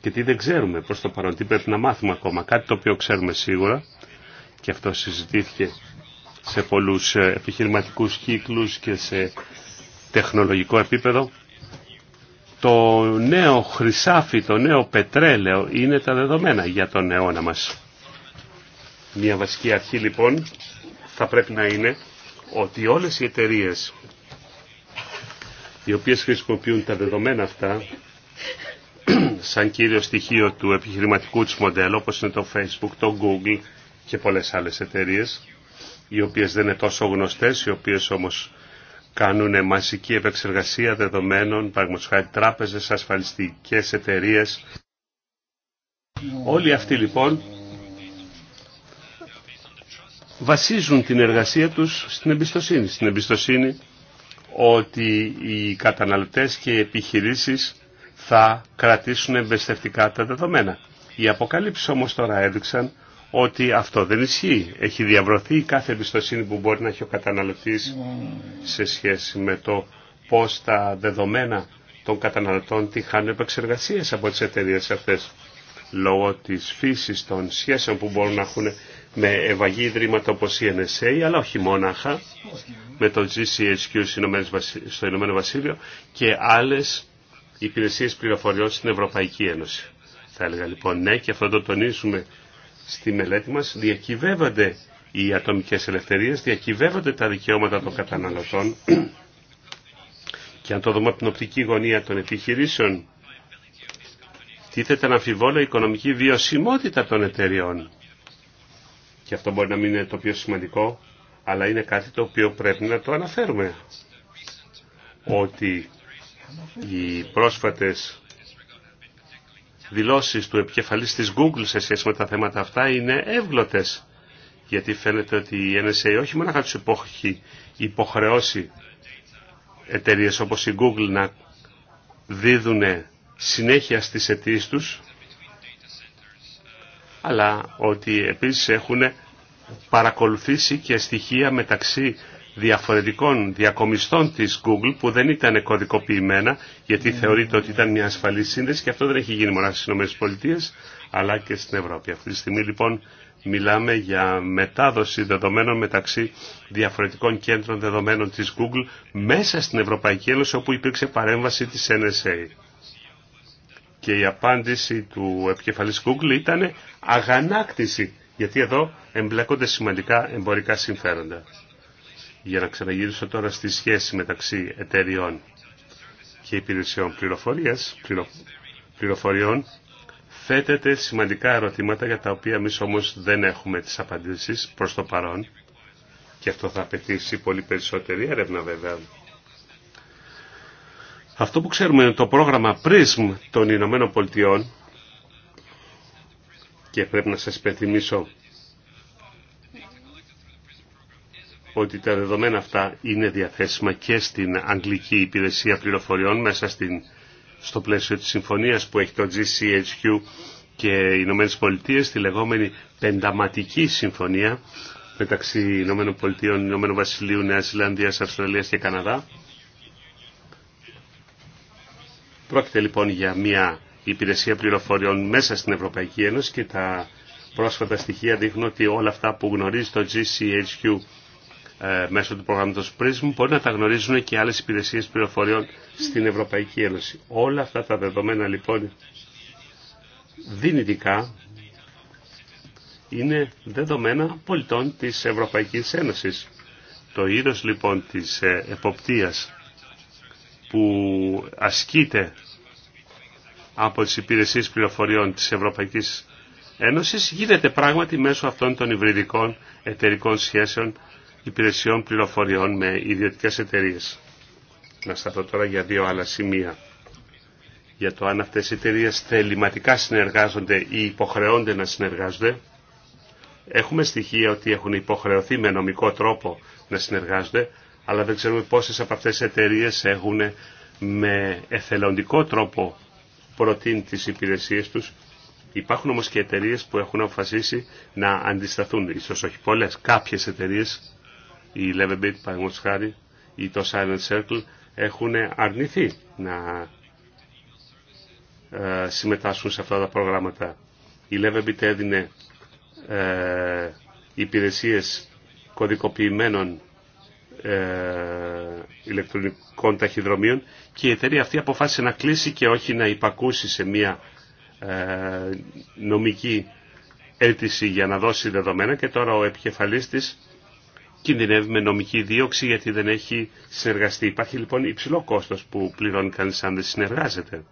και τι δεν ξέρουμε προς το παρόν, τι πρέπει να μάθουμε ακόμα. Κάτι το οποίο ξέρουμε σίγουρα και αυτό συζητήθηκε σε πολλούς ε, επιχειρηματικούς κύκλους και σε τεχνολογικό επίπεδο. Το νέο χρυσάφι, το νέο πετρέλαιο είναι τα δεδομένα για τον αιώνα μας. Μια βασική αρχή λοιπόν θα πρέπει να είναι ότι όλες οι εταιρείες οι οποίες χρησιμοποιούν τα δεδομένα αυτά σαν κύριο στοιχείο του επιχειρηματικού τους μοντέλου όπως είναι το Facebook, το Google και πολλές άλλες εταιρείες οι οποίες δεν είναι τόσο γνωστές, οι οποίες όμως κάνουν μαζική επεξεργασία δεδομένων, παραγματικά τράπεζες, ασφαλιστικές εταιρείες. Όλοι αυτοί λοιπόν βασίζουν την εργασία τους στην εμπιστοσύνη. Στην εμπιστοσύνη ότι οι καταναλωτές και οι επιχειρήσεις θα κρατήσουν εμπιστευτικά τα δεδομένα. Οι αποκαλύψεις όμως τώρα έδειξαν ότι αυτό δεν ισχύει. Έχει διαβρωθεί κάθε εμπιστοσύνη που μπορεί να έχει ο καταναλωτής σε σχέση με το πώς τα δεδομένα των καταναλωτών τη χάνουν επεξεργασίες από τις εταιρείες αυτές λόγω της φύσης των σχέσεων που μπορούν να έχουν με ευαγή ιδρύματα όπως η NSA, αλλά όχι μόναχα, με το GCHQ στο Ηνωμένο Βασίλειο και άλλες υπηρεσίες πληροφοριών στην Ευρωπαϊκή Ένωση. Θα έλεγα λοιπόν ναι και αυτό το τονίζουμε στη μελέτη μας διακυβεύονται οι ατομικές ελευθερίες, διακυβεύονται τα δικαιώματα των καταναλωτών και αν το δούμε από την οπτική γωνία των επιχειρήσεων τίθεται να αμφιβόλω η οικονομική βιωσιμότητα των εταιριών. Και αυτό μπορεί να μην είναι το πιο σημαντικό, αλλά είναι κάτι το οποίο πρέπει να το αναφέρουμε. Ότι οι πρόσφατες δηλώσεις του επικεφαλής της Google σε σχέση με τα θέματα αυτά είναι εύγλωτες. Γιατί φαίνεται ότι η NSA όχι μόνο θα τους υποχρεώσει εταιρείε όπως η Google να δίδουν συνέχεια στις αιτήσεις τους, αλλά ότι επίσης έχουν παρακολουθήσει και στοιχεία μεταξύ διαφορετικών διακομιστών της Google που δεν ήταν κωδικοποιημένα γιατί θεωρείται ότι ήταν μια ασφαλή σύνδεση και αυτό δεν έχει γίνει μόνο στις ΗΠΑ αλλά και στην Ευρώπη. Αυτή τη στιγμή λοιπόν μιλάμε για μετάδοση δεδομένων μεταξύ διαφορετικών κέντρων δεδομένων της Google μέσα στην Ευρωπαϊκή Ένωση όπου υπήρξε παρέμβαση της NSA. Και η απάντηση του επικεφαλής Google ήταν αγανάκτηση γιατί εδώ εμπλέκονται σημαντικά εμπορικά συμφέροντα. Για να ξαναγυρίσω τώρα στη σχέση μεταξύ εταιριών και υπηρεσιών πληροφορίας, πληροφοριών, θέτεται σημαντικά ερωτήματα για τα οποία εμεί όμως δεν έχουμε τις απαντήσεις προς το παρόν και αυτό θα απαιτήσει πολύ περισσότερη έρευνα βέβαια. Αυτό που ξέρουμε είναι το πρόγραμμα PRISM των Ηνωμένων Πολιτειών και πρέπει να σας υπενθυμίσω ότι τα δεδομένα αυτά είναι διαθέσιμα και στην Αγγλική Υπηρεσία Πληροφοριών μέσα στην, στο πλαίσιο της συμφωνίας που έχει το GCHQ και οι Ηνωμένες Πολιτείες, τη λεγόμενη πενταματική συμφωνία μεταξύ Ηνωμένων Πολιτείων, Ηνωμένων Βασιλείου, Νέας Ζηλανδίας, Αυστραλίας και Καναδά. Πρόκειται λοιπόν για μια υπηρεσία πληροφοριών μέσα στην Ευρωπαϊκή Ένωση και τα πρόσφατα στοιχεία δείχνουν ότι όλα αυτά που γνωρίζει το GCHQ ε, μέσω του προγράμματος PRISM μπορεί να τα γνωρίζουν και άλλες υπηρεσίες πληροφοριών στην Ευρωπαϊκή Ένωση. Όλα αυτά τα δεδομένα λοιπόν δυνητικά είναι δεδομένα πολιτών της Ευρωπαϊκής Ένωσης. Το είδο λοιπόν της ε, εποπτείας που ασκείται από τις υπηρεσίες πληροφοριών της Ευρωπαϊκής Ένωσης γίνεται πράγματι μέσω αυτών των υβριδικών εταιρικών σχέσεων υπηρεσιών πληροφοριών με ιδιωτικές εταιρείες. Να σταθώ τώρα για δύο άλλα σημεία. Για το αν αυτές οι εταιρείε θεληματικά συνεργάζονται ή υποχρεώνται να συνεργάζονται. Έχουμε στοιχεία ότι έχουν υποχρεωθεί με νομικό τρόπο να συνεργάζονται, αλλά δεν ξέρουμε πόσες από αυτές οι εταιρείε έχουν με εθελοντικό τρόπο προτείνει τις υπηρεσίες τους. Υπάρχουν όμως και εταιρείε που έχουν αποφασίσει να αντισταθούν, ίσως όχι πολλές, κάποιες εταιρείε η Levebit, παραδείγματος χάρη, ή το Silent Circle έχουν αρνηθεί να ε, συμμετάσχουν σε αυτά τα προγράμματα. Η Levebit έδινε ε, υπηρεσίες κωδικοποιημένων ε, ηλεκτρονικών ταχυδρομείων και η εταιρεία αυτή αποφάσισε να κλείσει και όχι να υπακούσει σε μια ε, νομική αίτηση για να δώσει δεδομένα και τώρα ο επικεφαλής της κινδυνεύει με νομική δίωξη γιατί δεν έχει συνεργαστεί. Υπάρχει λοιπόν υψηλό κόστος που πληρώνει κανείς αν δεν συνεργάζεται.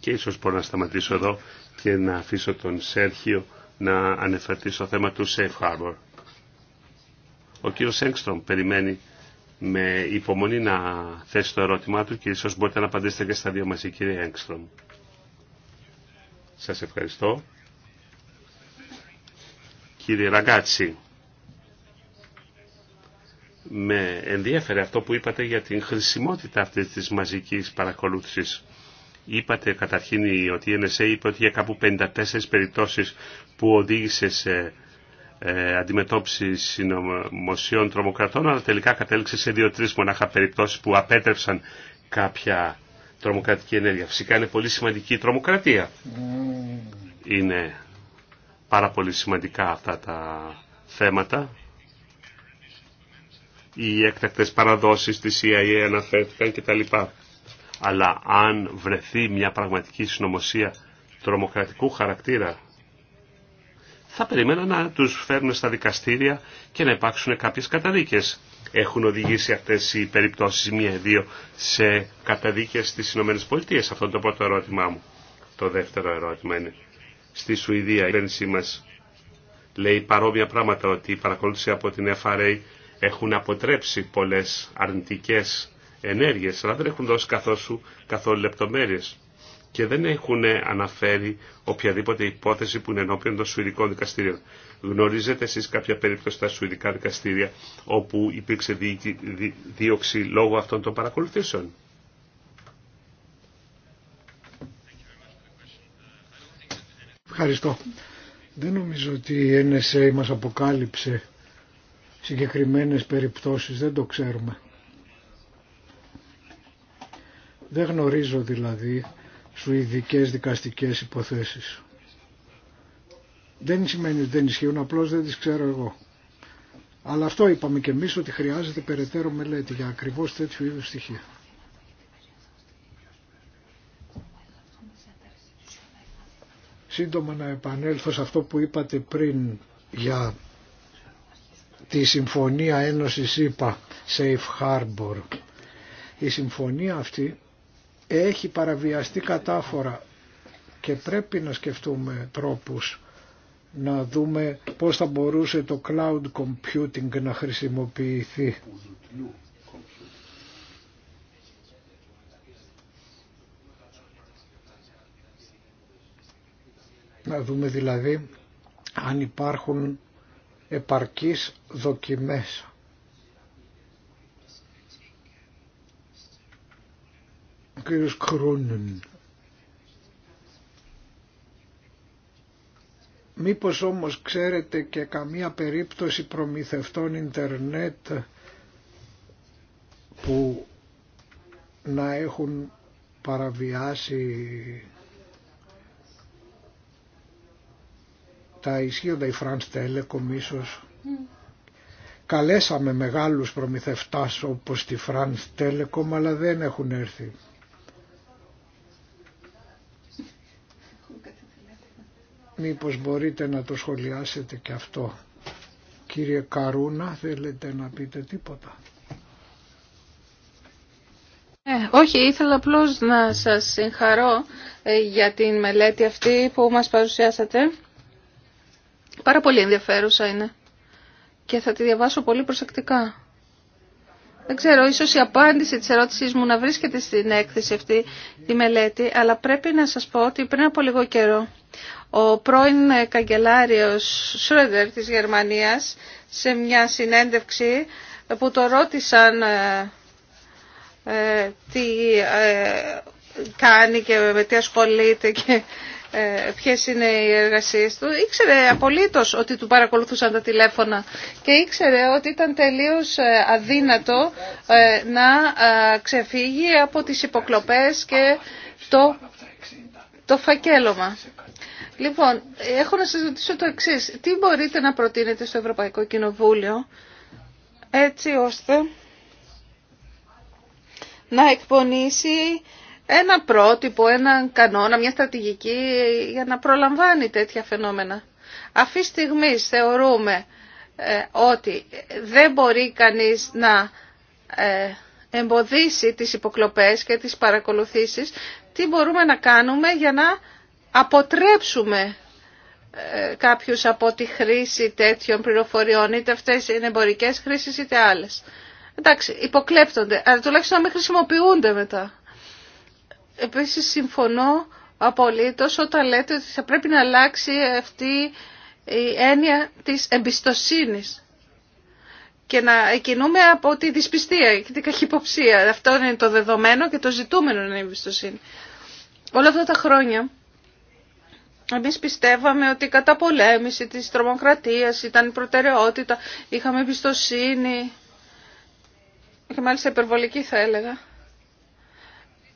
Και ίσως μπορώ να σταματήσω εδώ και να αφήσω τον Σέρχιο να ανεφερθεί στο θέμα του Safe Harbor. Ο κύριος Έγκστρομ περιμένει με υπομονή να θέσει το ερώτημά του και ίσως μπορείτε να απαντήσετε και στα δύο μαζί κύριε Έγκστρομ. Σας ευχαριστώ. Κύριε Ραγκάτσι, με ενδιέφερε αυτό που είπατε για την χρησιμότητα αυτής της μαζικής παρακολούθησης. Είπατε καταρχήν ότι η NSA είπε ότι για κάπου 54 περιπτώσεις που οδήγησε σε ε, αντιμετώπιση συνωμοσιών τρομοκρατών, αλλά τελικά κατέληξε σε δύο-τρεις μονάχα περιπτώσεις που απέτρεψαν κάποια τρομοκρατική ενέργεια. Φυσικά είναι πολύ σημαντική η τρομοκρατία. Mm. Είναι πάρα πολύ σημαντικά αυτά τα θέματα. Οι έκτακτες παραδόσεις της CIA αναφέρθηκαν κτλ. Αλλά αν βρεθεί μια πραγματική συνωμοσία τρομοκρατικού χαρακτήρα, θα περίμενα να τους φέρουν στα δικαστήρια και να υπάρξουν κάποιες καταδίκες. Έχουν οδηγήσει αυτές οι περιπτώσεις μία-δύο σε καταδίκες στις ΗΠΑ. Αυτό είναι το πρώτο ερώτημά μου. Το δεύτερο ερώτημα είναι στη Σουηδία. Η κυβέρνησή μα λέει παρόμοια πράγματα ότι η παρακολούθηση από την FRA έχουν αποτρέψει πολλέ αρνητικέ ενέργειε, αλλά δεν έχουν δώσει καθόλου, καθόλου λεπτομέρειες και δεν έχουν αναφέρει οποιαδήποτε υπόθεση που είναι ενώπιον των Σουηδικών δικαστήριων. Γνωρίζετε εσεί κάποια περίπτωση στα Σουηδικά δικαστήρια όπου υπήρξε δίωξη λόγω αυτών των παρακολουθήσεων. Ευχαριστώ. Δεν νομίζω ότι η NSA μας αποκάλυψε συγκεκριμένες περιπτώσεις, δεν το ξέρουμε. Δεν γνωρίζω δηλαδή ειδικές δικαστικές υποθέσεις. Δεν σημαίνει ότι δεν ισχύουν, απλώς δεν τις ξέρω εγώ. Αλλά αυτό είπαμε και εμείς ότι χρειάζεται περαιτέρω μελέτη για ακριβώς τέτοιου είδους στοιχεία. σύντομα να επανέλθω σε αυτό που είπατε πριν για τη Συμφωνία Ένωσης ΕΠΑ, ΕΕ, Safe Harbor. Η συμφωνία αυτή έχει παραβιαστεί κατάφορα και πρέπει να σκεφτούμε τρόπους να δούμε πώς θα μπορούσε το cloud computing να χρησιμοποιηθεί Να δούμε δηλαδή αν υπάρχουν επαρκείς δοκιμές. Ο κύριος Κρούνεν. Μήπως όμως ξέρετε και καμία περίπτωση προμηθευτών ίντερνετ που να έχουν παραβιάσει τα ισχύοντα η France Telecom ίσως. Καλέσαμε μεγάλους προμηθευτάς όπως τη France Telecom αλλά δεν έχουν έρθει. Μήπως μπορείτε να το σχολιάσετε και αυτό. Κύριε Καρούνα, θέλετε να πείτε τίποτα. Ε, όχι, ήθελα απλώ να σας συγχαρώ ε, για την μελέτη αυτή που μας παρουσιάσατε. Πάρα πολύ ενδιαφέρουσα είναι και θα τη διαβάσω πολύ προσεκτικά. Δεν ξέρω, ίσως η απάντηση της ερώτησής μου να βρίσκεται στην έκθεση αυτή τη μελέτη, αλλά πρέπει να σας πω ότι πριν από λίγο καιρό ο πρώην καγκελάριος Σρέντερ της Γερμανίας σε μια συνέντευξη που το ρώτησαν ε, ε, τι ε, κάνει και με τι ασχολείται και ε, ποιες είναι οι εργασίες του. Ήξερε απολύτως ότι του παρακολουθούσαν τα τηλέφωνα και ήξερε ότι ήταν τελείως ε, αδύνατο ε, να ξεφύγει από τις υποκλοπές και το, το φακέλωμα. Λοιπόν, έχω να σας ρωτήσω το εξή: Τι μπορείτε να προτείνετε στο Ευρωπαϊκό Κοινοβούλιο έτσι ώστε να εκπονήσει ένα πρότυπο, έναν κανόνα, μια στρατηγική για να προλαμβάνει τέτοια φαινόμενα. Αυτή τη στιγμή θεωρούμε ε, ότι δεν μπορεί κανείς να ε, εμποδίσει τις υποκλοπές και τις παρακολουθήσεις. Τι μπορούμε να κάνουμε για να αποτρέψουμε ε, κάποιους από τη χρήση τέτοιων πληροφοριών, είτε αυτές είναι εμπορικές χρήσεις είτε άλλες. Εντάξει, υποκλέπτονται, αλλά τουλάχιστον να μην χρησιμοποιούνται μετά. Επίσης συμφωνώ απολύτως όταν λέτε ότι θα πρέπει να αλλάξει αυτή η έννοια της εμπιστοσύνης και να κινούμε από τη δυσπιστία και την καχυποψία. Αυτό είναι το δεδομένο και το ζητούμενο είναι η εμπιστοσύνη. Όλα αυτά τα χρόνια εμείς πιστεύαμε ότι η καταπολέμηση της τρομοκρατίας ήταν η προτεραιότητα, είχαμε εμπιστοσύνη και μάλιστα υπερβολική θα έλεγα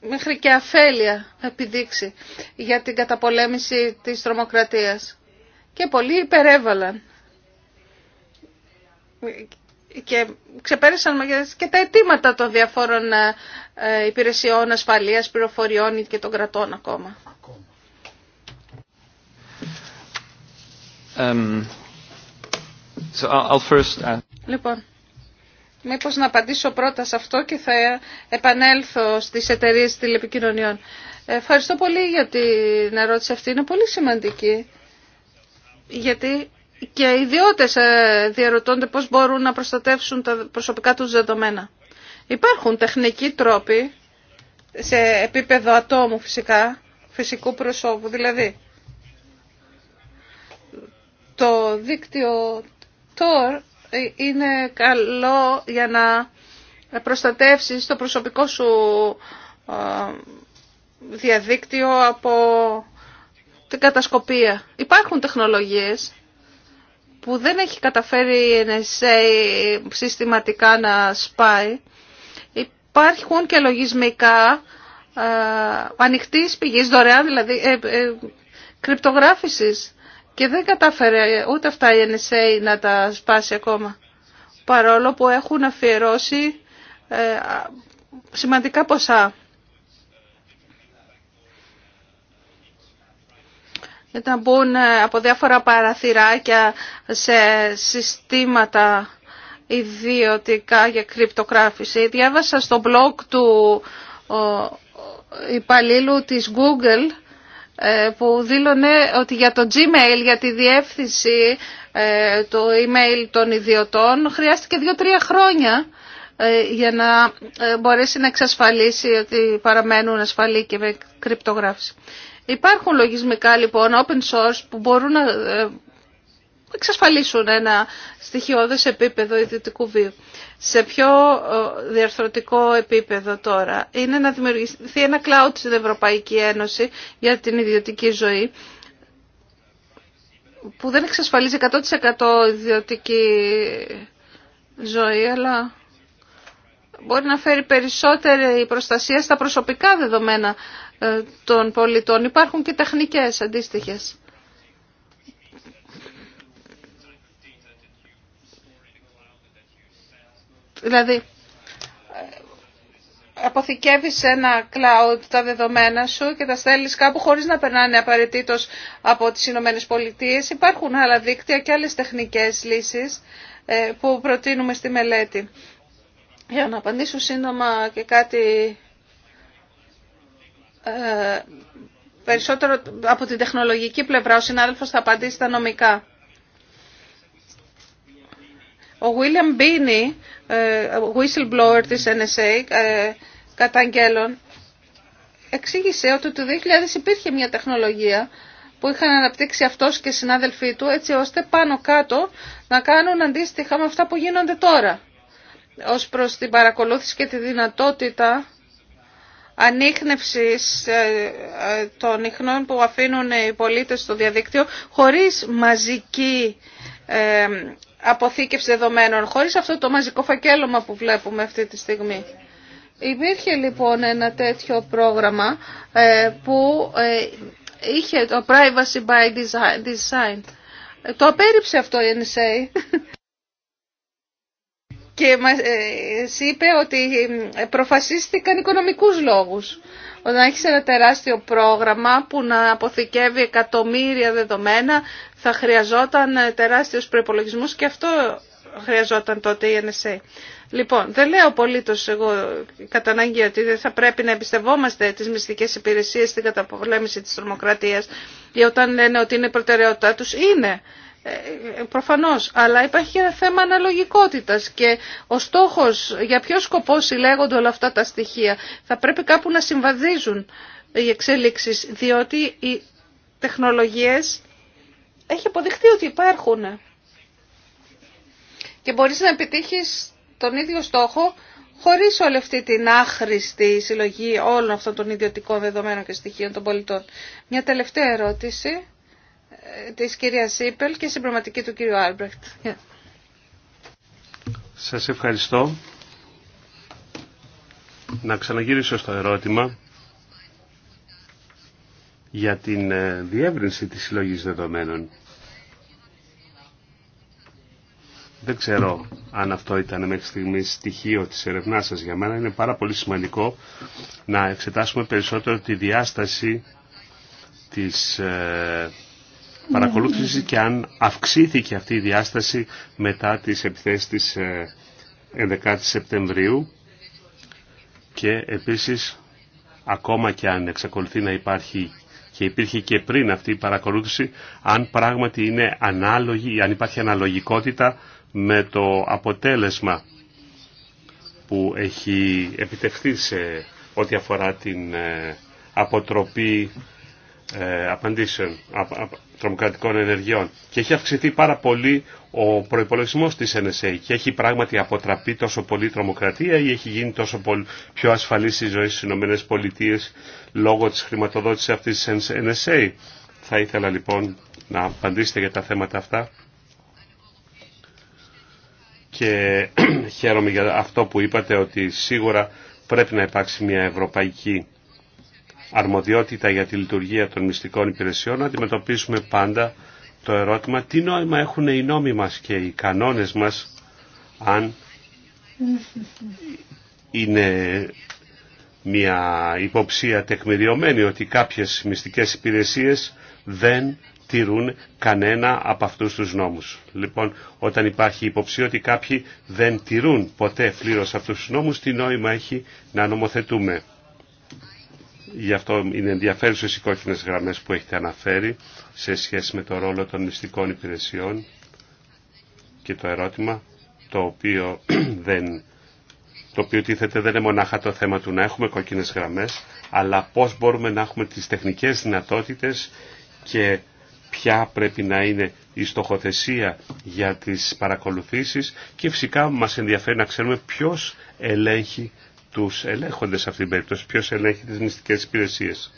μέχρι και αφέλεια επιδείξει για την καταπολέμηση της τρομοκρατίας. Και πολλοί υπερέβαλαν και ξεπέρασαν και τα αιτήματα των διαφόρων ε, ε, υπηρεσιών ασφαλείας, πληροφοριών και των κρατών ακόμα. Um, first... Λοιπόν, Μήπως να απαντήσω πρώτα σε αυτό και θα επανέλθω στις εταιρείες τηλεπικοινωνιών. Ευχαριστώ πολύ για την ερώτηση αυτή. Είναι πολύ σημαντική. Γιατί και οι ιδιώτες ε, διαρωτώνται πώς μπορούν να προστατεύσουν τα προσωπικά τους δεδομένα. Υπάρχουν τεχνικοί τρόποι σε επίπεδο ατόμου φυσικά, φυσικού προσώπου. Δηλαδή, το δίκτυο TOR είναι καλό για να προστατεύσεις το προσωπικό σου διαδίκτυο από την κατασκοπία. Υπάρχουν τεχνολογίες που δεν έχει καταφέρει η NSA συστηματικά να σπάει. Υπάρχουν και λογισμικά ανοιχτής πηγής, δωρεάν δηλαδή, ε, ε, κρυπτογράφησης και δεν κατάφερε ούτε αυτά η NSA να τα σπάσει ακόμα. Παρόλο που έχουν αφιερώσει ε, σημαντικά ποσά. Για να μπουν ε, από διάφορα παραθυράκια σε συστήματα ιδιωτικά για κρυπτογράφηση. Διάβασα στο blog του υπαλλήλου της Google ε, που δήλωνε ότι για το Gmail, για τη διεύθυνση ε, το email των ιδιωτών χρειάστηκε δύο-τρία χρόνια ε, για να μπορέσει να εξασφαλίσει ότι παραμένουν ασφαλή και με κρυπτογράφηση. Υπάρχουν λογισμικά λοιπόν open source που μπορούν να εξασφαλίσουν ένα στοιχειώδες επίπεδο ιδιωτικού βίου. Σε πιο ε, διαρθρωτικό επίπεδο τώρα είναι να δημιουργηθεί ένα cloud στην Ευρωπαϊκή Ένωση για την ιδιωτική ζωή που δεν εξασφαλίζει 100% ιδιωτική ζωή αλλά μπορεί να φέρει περισσότερη προστασία στα προσωπικά δεδομένα ε, των πολιτών. Υπάρχουν και τεχνικές αντίστοιχες. Δηλαδή, ε, αποθηκεύεις σε ένα cloud τα δεδομένα σου και τα στέλνεις κάπου χωρίς να περνάνε απαραίτητο από τις Ηνωμένες Πολιτείες. Υπάρχουν άλλα δίκτυα και άλλες τεχνικές λύσεις ε, που προτείνουμε στη μελέτη. Για να απαντήσω σύντομα και κάτι ε, περισσότερο από την τεχνολογική πλευρά, ο συνάδελφος θα απαντήσει τα νομικά. Ο Βίλιαμ Μπίνι, ε, whistleblower της NSA, ε, καταγγέλων, εξήγησε ότι το 2000 υπήρχε μια τεχνολογία που είχαν αναπτύξει αυτός και συνάδελφοί του έτσι ώστε πάνω κάτω να κάνουν αντίστοιχα με αυτά που γίνονται τώρα ως προς την παρακολούθηση και τη δυνατότητα ανείχνευσης ε, των ιχνών που αφήνουν οι πολίτες στο διαδίκτυο χωρίς μαζική αποθήκευση δεδομένων, χωρίς αυτό το μαζικό φακέλωμα που βλέπουμε αυτή τη στιγμή. Υπήρχε λοιπόν ένα τέτοιο πρόγραμμα ε, που ε, είχε το Privacy by Design. Το απέριψε αυτό η NSA και μας ε, είπε ότι προφασίστηκαν οικονομικούς λόγους. Όταν έχεις ένα τεράστιο πρόγραμμα που να αποθηκεύει εκατομμύρια δεδομένα θα χρειαζόταν ε, τεράστιους προϋπολογισμούς και αυτό χρειαζόταν τότε η NSA. Λοιπόν, δεν λέω απολύτω εγώ κατά ανάγκη ότι δεν θα πρέπει να εμπιστευόμαστε τι μυστικέ υπηρεσίε στην καταπολέμηση τη τρομοκρατία ή όταν λένε ότι είναι προτεραιότητά του. Είναι. Ε, ε, προφανώς, αλλά υπάρχει και ένα θέμα αναλογικότητας και ο στόχος, για ποιο σκοπό συλλέγονται όλα αυτά τα στοιχεία, θα πρέπει κάπου να συμβαδίζουν οι εξέλιξεις, διότι οι τεχνολογίες έχει αποδειχθεί ότι υπάρχουν και μπορείς να επιτύχεις τον ίδιο στόχο χωρίς όλη αυτή την άχρηστη συλλογή όλων αυτών των ιδιωτικών δεδομένων και στοιχείων των πολιτών. Μια τελευταία ερώτηση ε, της κυρίας Σίπελ και συμπληρωματική του κύριου Άλμπρεχτ. Σας ευχαριστώ. Να ξαναγυρίσω στο ερώτημα για την ε, διεύρυνση της συλλογή δεδομένων. Δεν ξέρω αν αυτό ήταν μέχρι στιγμή στοιχείο της ερευνάς σας για μένα. Είναι πάρα πολύ σημαντικό να εξετάσουμε περισσότερο τη διάσταση της ε, παρακολούθηση και αν αυξήθηκε αυτή η διάσταση μετά τις επιθέσεις της 11 ε, Σεπτεμβρίου και επίσης ακόμα και αν εξακολουθεί να υπάρχει και υπήρχε και πριν αυτή η παρακολούθηση αν πράγματι είναι ανάλογη, αν υπάρχει αναλογικότητα με το αποτέλεσμα που έχει επιτευχθεί σε ό,τι αφορά την ε, αποτροπή ε, απαντήσεων, τρομοκρατικών ενεργειών. Και έχει αυξηθεί πάρα πολύ ο προπολογισμό τη NSA και έχει πράγματι αποτραπεί τόσο πολύ η τρομοκρατία ή έχει γίνει τόσο πολύ πιο ασφαλή η ζωή στι ΗΠΑ λόγω τη χρηματοδότηση αυτή τη NSA. Θα ήθελα λοιπόν να απαντήσετε για τα θέματα αυτά. Και χαίρομαι για αυτό που είπατε ότι σίγουρα πρέπει να υπάρξει μια ευρωπαϊκή αρμοδιότητα για τη λειτουργία των μυστικών υπηρεσιών, αντιμετωπίσουμε πάντα το ερώτημα τι νόημα έχουν οι νόμοι μας και οι κανόνες μας αν είναι μια υποψία τεκμηριωμένη ότι κάποιες μυστικές υπηρεσίες δεν τηρούν κανένα από αυτούς τους νόμους. Λοιπόν, όταν υπάρχει υποψία ότι κάποιοι δεν τηρούν ποτέ φλήρως αυτούς τους νόμους, τι νόημα έχει να νομοθετούμε. Γι' αυτό είναι ενδιαφέρουσες οι κόκκινες γραμμές που έχετε αναφέρει σε σχέση με το ρόλο των μυστικών υπηρεσιών και το ερώτημα το οποίο, δεν, το οποίο τίθεται δεν είναι μονάχα το θέμα του να έχουμε κόκκινες γραμμές αλλά πώς μπορούμε να έχουμε τις τεχνικές δυνατότητες και ποια πρέπει να είναι η στοχοθεσία για τις παρακολουθήσεις και φυσικά μας ενδιαφέρει να ξέρουμε ποιος ελέγχει τους ελέγχοντες σε αυτήν την περίπτωση. Ποιος ελέγχει τις μυστικές υπηρεσίες.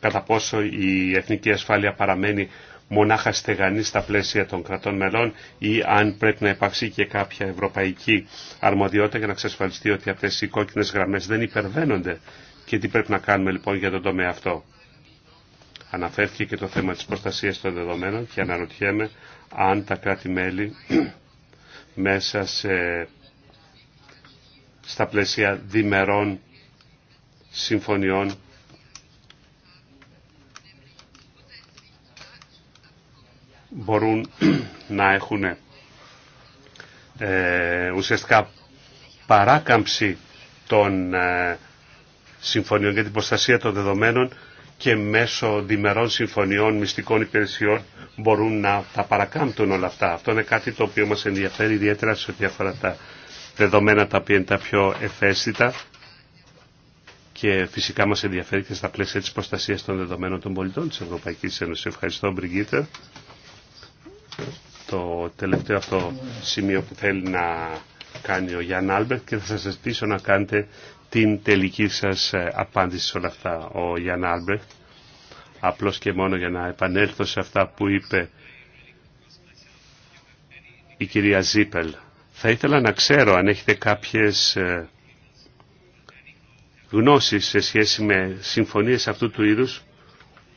Κατά πόσο η εθνική ασφάλεια παραμένει μονάχα στεγανή στα πλαίσια των κρατών μελών ή αν πρέπει να υπάρξει και κάποια ευρωπαϊκή αρμοδιότητα για να εξασφαλιστεί ότι αυτές οι κόκκινες γραμμές δεν υπερβαίνονται και τι πρέπει να κάνουμε λοιπόν για τον τομέα αυτό. Αναφέρθηκε και το θέμα της προστασίας των δεδομένων και αναρωτιέμαι αν τα κράτη-μέλη μέσα σε, στα πλαίσια διμερών συμφωνιών μπορούν να έχουν ε, ουσιαστικά παράκαμψη των ε, συμφωνιών για την προστασία των δεδομένων και μέσω διμερών συμφωνιών μυστικών υπηρεσιών μπορούν να τα παρακάμπτουν όλα αυτά. Αυτό είναι κάτι το οποίο μας ενδιαφέρει ιδιαίτερα σε ό,τι αφορά τα δεδομένα τα οποία είναι τα πιο ευαίσθητα και φυσικά μας ενδιαφέρει και στα πλαίσια της προστασίας των δεδομένων των πολιτών της Ευρωπαϊκής Ένωσης. Ευχαριστώ Μπριγκίτα. Το τελευταίο αυτό σημείο που θέλει να κάνει ο Γιάνν Άλμπερτ και θα σας ζητήσω να κάνετε την τελική σας ε, απάντηση σε όλα αυτά ο Γιάννα Άλμπρεχτ. Απλώς και μόνο για να επανέλθω σε αυτά που είπε η κυρία Ζίπελ. Θα ήθελα να ξέρω αν έχετε κάποιες ε, γνώσεις σε σχέση με συμφωνίες αυτού του είδους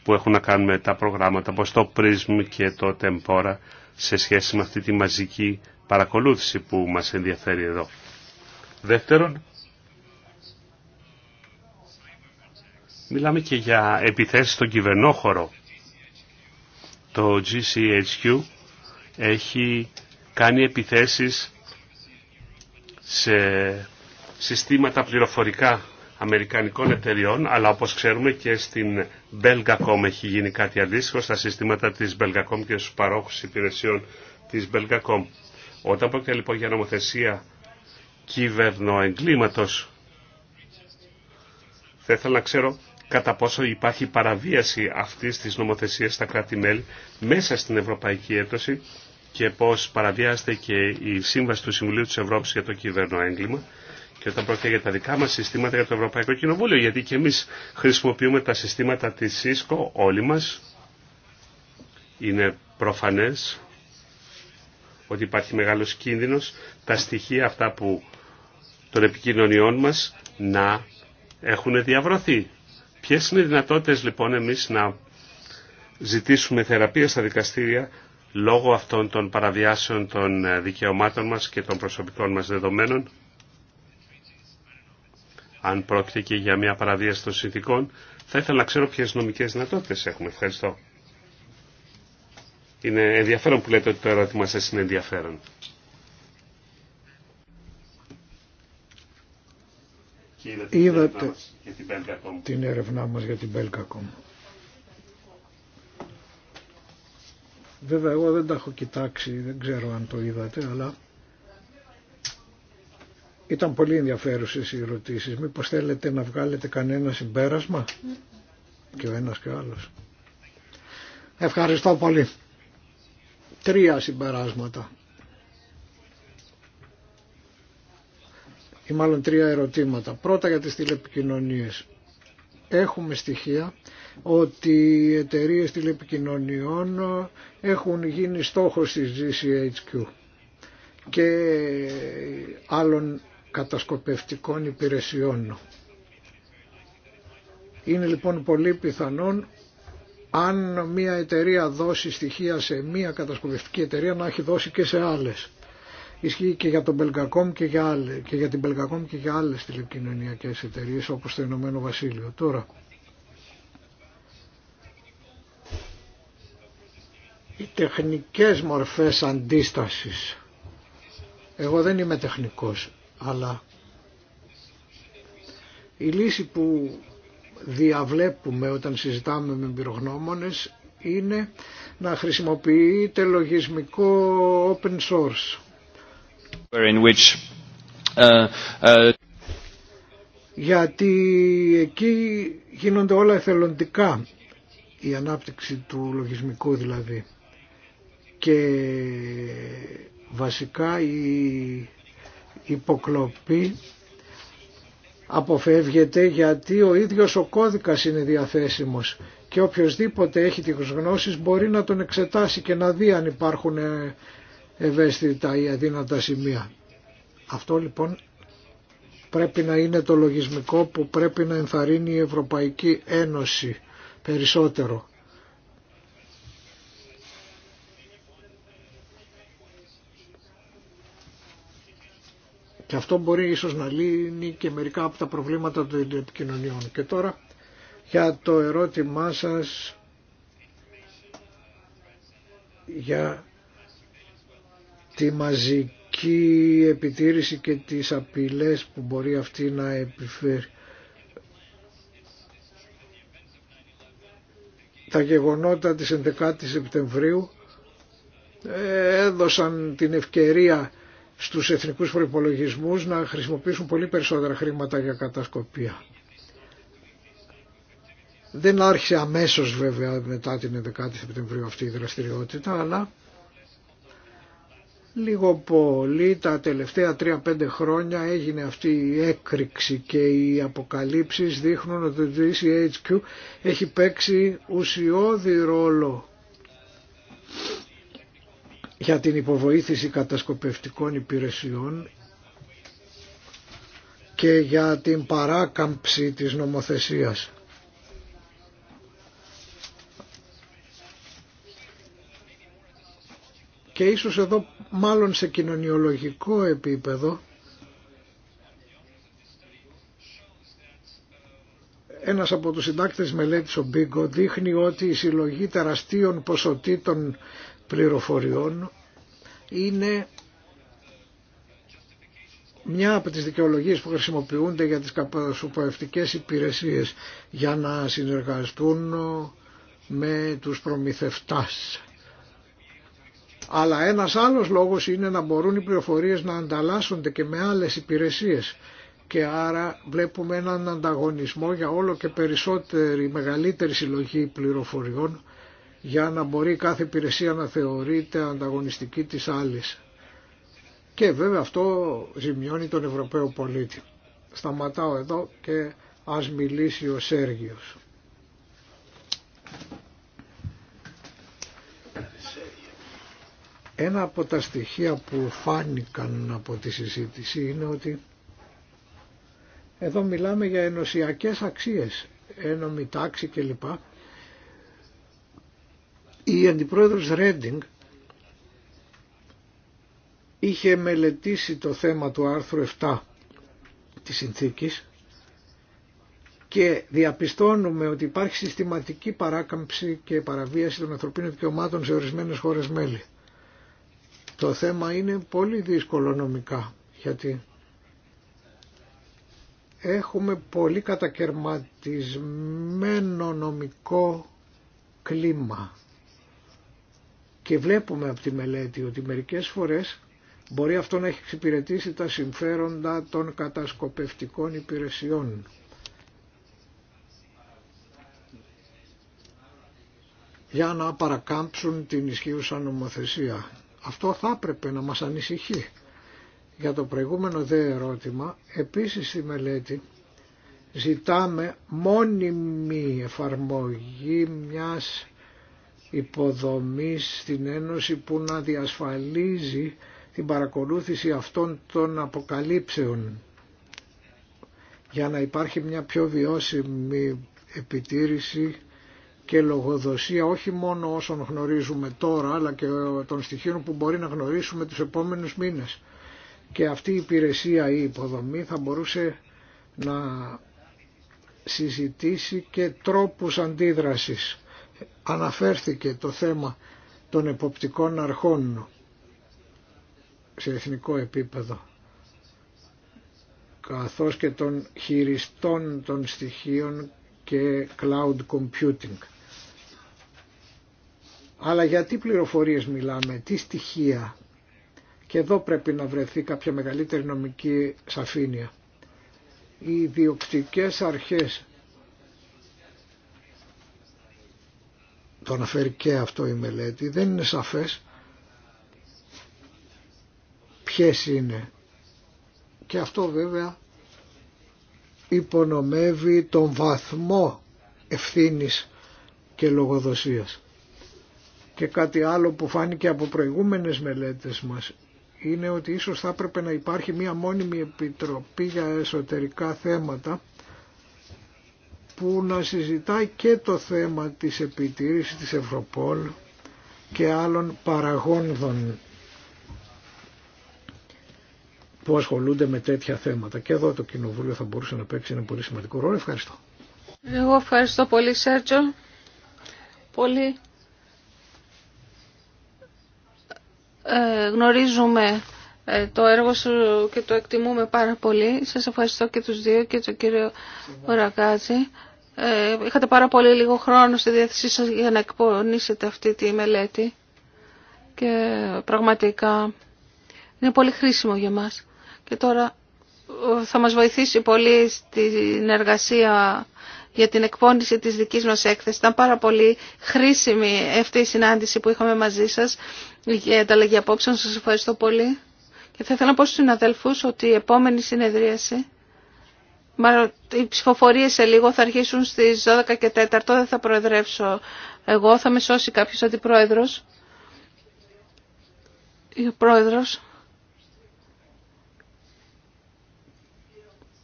που έχουν να κάνουν με τα προγράμματα όπως το PRISM και το TEMPORA σε σχέση με αυτή τη μαζική παρακολούθηση που μας ενδιαφέρει εδώ. Δεύτερον, Μιλάμε και για επιθέσεις στον κυβερνόχωρο. Το GCHQ έχει κάνει επιθέσεις σε συστήματα πληροφορικά αμερικανικών εταιριών, αλλά όπως ξέρουμε και στην Belgacom έχει γίνει κάτι αντίστοιχο στα συστήματα της Belgacom και στους παρόχους υπηρεσιών της Belgacom. Όταν πρόκειται λοιπόν για νομοθεσία κυβερνοεγκλήματος, θα ήθελα να ξέρω κατά πόσο υπάρχει παραβίαση αυτής της νομοθεσίας στα κράτη-μέλη μέσα στην Ευρωπαϊκή Ένωση και πώς παραβιάζεται και η Σύμβαση του Συμβουλίου της Ευρώπης για το κυβέρνο έγκλημα και όταν πρόκειται για τα δικά μας συστήματα για το Ευρωπαϊκό Κοινοβούλιο, γιατί και εμείς χρησιμοποιούμε τα συστήματα της ΣΥΣΚΟ όλοι μας. Είναι προφανές ότι υπάρχει μεγάλος κίνδυνος τα στοιχεία αυτά που των επικοινωνιών μας να έχουν διαβρωθεί. Ποιες είναι οι δυνατότητες λοιπόν εμείς να ζητήσουμε θεραπεία στα δικαστήρια λόγω αυτών των παραβιάσεων των ε, δικαιωμάτων μας και των προσωπικών μας δεδομένων. Αν πρόκειται και για μια παραβίαση των συνθήκων, θα ήθελα να ξέρω ποιες νομικές δυνατότητες έχουμε. Ευχαριστώ. Είναι ενδιαφέρον που λέτε ότι το ερώτημα σας είναι ενδιαφέρον. είδατε, την έρευνά μας για την Belgacom. Βέβαια εγώ δεν τα έχω κοιτάξει, δεν ξέρω αν το είδατε, αλλά ήταν πολύ ενδιαφέρουσες οι ερωτήσεις. Μήπως θέλετε να βγάλετε κανένα συμπέρασμα και ο ένας και ο άλλος. Ευχαριστώ πολύ. Τρία συμπεράσματα. ή μάλλον τρία ερωτήματα. Πρώτα για τις τηλεπικοινωνίες. Έχουμε στοιχεία ότι οι εταιρείες τηλεπικοινωνιών έχουν γίνει στόχος της GCHQ και άλλων κατασκοπευτικών υπηρεσιών. Είναι λοιπόν πολύ πιθανόν αν μια εταιρεία δώσει στοιχεία σε μια κατασκοπευτική εταιρεία να έχει δώσει και σε άλλες. Ισχύει και για, τον Belgacom και, για την Belgacom και για άλλες τηλεπικοινωνιακές εταιρείες όπως το Ηνωμένο Βασίλειο. Τώρα, οι τεχνικές μορφές αντίστασης. Εγώ δεν είμαι τεχνικός, αλλά η λύση που διαβλέπουμε όταν συζητάμε με πυρογνώμονε είναι να χρησιμοποιείται λογισμικό open source Uh, uh, γιατί εκεί γίνονται όλα εθελοντικά η ανάπτυξη του λογισμικού δηλαδή και βασικά η υποκλοπή αποφεύγεται γιατί ο ίδιος ο κώδικας είναι διαθέσιμος και οποιοδήποτε έχει τις γνώσεις μπορεί να τον εξετάσει και να δει αν υπάρχουν ε, ευαίσθητα ή αδύνατα σημεία. Αυτό λοιπόν πρέπει να είναι το λογισμικό που πρέπει να ενθαρρύνει η Ευρωπαϊκή Ένωση περισσότερο. Και αυτό μπορεί ίσως να λύνει και μερικά από τα προβλήματα των επικοινωνιών. Και τώρα για το ερώτημά σας για τη μαζική επιτήρηση και τις απειλές που μπορεί αυτή να επιφέρει. Τα γεγονότα της 11 ης Σεπτεμβρίου ε, έδωσαν την ευκαιρία στους εθνικούς προϋπολογισμούς να χρησιμοποιήσουν πολύ περισσότερα χρήματα για κατασκοπία. Δεν άρχισε αμέσως βέβαια μετά την 11η Σεπτεμβρίου αυτή η δραστηριότητα, αλλά Λίγο πολύ τα τελευταία 3-5 χρόνια έγινε αυτή η έκρηξη και οι αποκαλύψεις δείχνουν ότι το DCHQ e έχει παίξει ουσιώδη ρόλο για την υποβοήθηση κατασκοπευτικών υπηρεσιών και για την παράκαμψη της νομοθεσίας. και ίσως εδώ μάλλον σε κοινωνιολογικό επίπεδο ένας από τους συντάκτες μελέτης ο Μπίγκο δείχνει ότι η συλλογή τεραστίων ποσοτήτων πληροφοριών είναι μια από τις δικαιολογίες που χρησιμοποιούνται για τις καπασουπαευτικές υπηρεσίες για να συνεργαστούν με τους προμηθευτάς. Αλλά ένας άλλος λόγος είναι να μπορούν οι πληροφορίες να ανταλλάσσονται και με άλλες υπηρεσίες και άρα βλέπουμε έναν ανταγωνισμό για όλο και περισσότερη, μεγαλύτερη συλλογή πληροφοριών για να μπορεί κάθε υπηρεσία να θεωρείται ανταγωνιστική της άλλης. Και βέβαια αυτό ζημιώνει τον Ευρωπαίο πολίτη. Σταματάω εδώ και ας μιλήσει ο Σέργιος. Ένα από τα στοιχεία που φάνηκαν από τη συζήτηση είναι ότι εδώ μιλάμε για ενωσιακές αξίες, ένομη τάξη κλπ. Η αντιπρόεδρος Ρέντινγκ είχε μελετήσει το θέμα του άρθρου 7 της συνθήκης και διαπιστώνουμε ότι υπάρχει συστηματική παράκαμψη και παραβίαση των ανθρωπίνων δικαιωμάτων σε ορισμένες χώρες μέλη. Το θέμα είναι πολύ δύσκολο νομικά γιατί έχουμε πολύ κατακαιρματισμένο νομικό κλίμα. Και βλέπουμε από τη μελέτη ότι μερικές φορές μπορεί αυτό να έχει εξυπηρετήσει τα συμφέροντα των κατασκοπευτικών υπηρεσιών. για να παρακάμψουν την ισχύουσα νομοθεσία. Αυτό θα έπρεπε να μας ανησυχεί. Για το προηγούμενο δε ερώτημα, επίσης στη μελέτη ζητάμε μόνιμη εφαρμογή μιας υποδομής στην Ένωση που να διασφαλίζει την παρακολούθηση αυτών των αποκαλύψεων για να υπάρχει μια πιο βιώσιμη επιτήρηση και λογοδοσία όχι μόνο όσων γνωρίζουμε τώρα αλλά και των στοιχείων που μπορεί να γνωρίσουμε τους επόμενους μήνες. Και αυτή η υπηρεσία ή η υποδομη θα μπορούσε να συζητήσει και τρόπους αντίδρασης. Αναφέρθηκε το θέμα των εποπτικών αρχών σε εθνικό επίπεδο καθώς και των χειριστών των στοιχείων και cloud computing. Αλλά για τι πληροφορίες μιλάμε, τι στοιχεία. Και εδώ πρέπει να βρεθεί κάποια μεγαλύτερη νομική σαφήνεια. Οι διοκτικές αρχές, το αναφέρει και αυτό η μελέτη, δεν είναι σαφές ποιες είναι. Και αυτό βέβαια υπονομεύει τον βαθμό ευθύνης και λογοδοσίας και κάτι άλλο που φάνηκε από προηγούμενες μελέτες μας είναι ότι ίσως θα έπρεπε να υπάρχει μία μόνιμη επιτροπή για εσωτερικά θέματα που να συζητάει και το θέμα της επιτήρησης της Ευρωπόλ και άλλων παραγόνδων που ασχολούνται με τέτοια θέματα. Και εδώ το Κοινοβούλιο θα μπορούσε να παίξει ένα πολύ σημαντικό ρόλο. Ευχαριστώ. Εγώ ευχαριστώ πολύ Σέρτζο. Πολύ Ε, γνωρίζουμε ε, το έργο σου και το εκτιμούμε πάρα πολύ. Σας ευχαριστώ και τους δύο και τον κύριο Ρακάτζη. Ε, είχατε πάρα πολύ λίγο χρόνο στη διάθεσή σας για να εκπονήσετε αυτή τη μελέτη και πραγματικά είναι πολύ χρήσιμο για μας. Και τώρα θα μας βοηθήσει πολύ στην εργασία για την εκπόνηση της δικής μας έκθεσης. Ήταν πάρα πολύ χρήσιμη αυτή η συνάντηση που είχαμε μαζί σας για ανταλλαγή απόψεων. Σας ευχαριστώ πολύ. Και θα ήθελα να πω στους συναδέλφους ότι η επόμενη συνεδρίαση, μάλλον οι ψηφοφορίες σε λίγο θα αρχίσουν στις 12 και 4, δεν θα προεδρεύσω εγώ, θα με σώσει κάποιος αντιπρόεδρος. Ή ο πρόεδρος.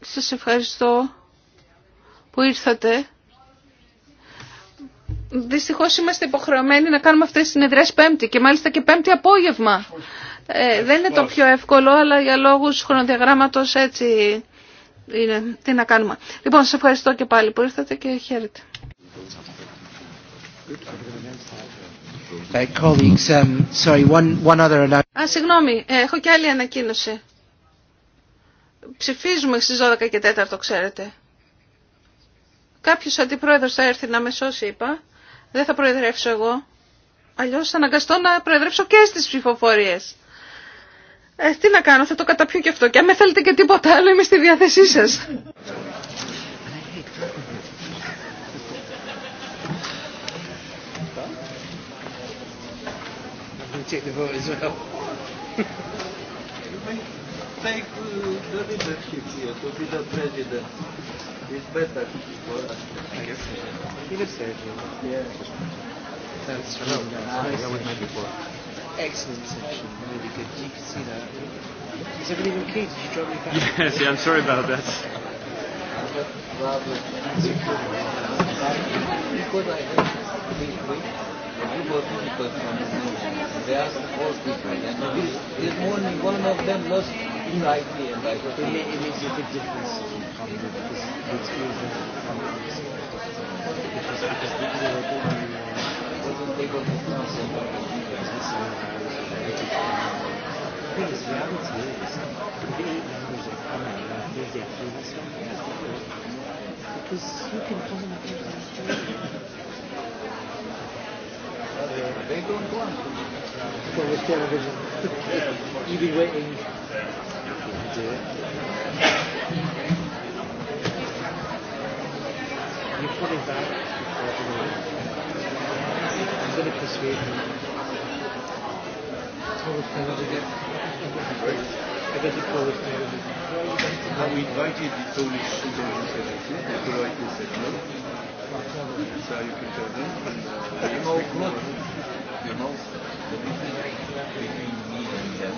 Σας ευχαριστώ που ήρθατε. Δυστυχώ είμαστε υποχρεωμένοι να κάνουμε αυτές τις συνεδριές πέμπτη και μάλιστα και πέμπτη απόγευμα. Ε, δεν είναι το πιο εύκολο, αλλά για λόγους χρονοδιαγράμματος έτσι είναι. Τι να κάνουμε. Λοιπόν, σα ευχαριστώ και πάλι που ήρθατε και χαίρετε. Uh, um, Α, συγγνώμη, ε, έχω και άλλη ανακοίνωση. Ψηφίζουμε στις 12 και 4, το ξέρετε. Κάποιο αντιπρόεδρο θα έρθει να με σώσει, είπα. Δεν θα προεδρεύσω εγώ. Αλλιώς θα αναγκαστώ να προεδρεύσω και στις ψηφοφορίες. Ε, τι να κάνω, θα το καταπιώ και αυτό. Και αν με θέλετε και τίποτα άλλο, είμαι στη διάθεσή σας. take the leadership here to the president. It's better for I guess. He Yeah. That's I would Excellent section. Really good. You can see that. Is everything okay? Did you drop me back? Yes, yeah, I'm sorry about that. one of them lost idea, it, makes a big difference because because to reality is because you can come television, waiting You put it back to the So you can tell them. And the between me and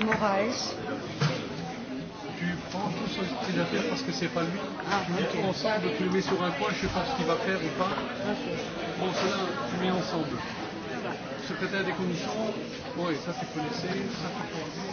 de Moraes. Tu prends tout tous ces faire parce que c'est pas lui. Ah, okay. Ensemble, tu le mets sur un coin, je sais pas ce qu'il va faire ou pas. Bon, cela, tu mets ensemble. Secrétaire des commissions, oui, ça tu connaissais, ça tu connaissais.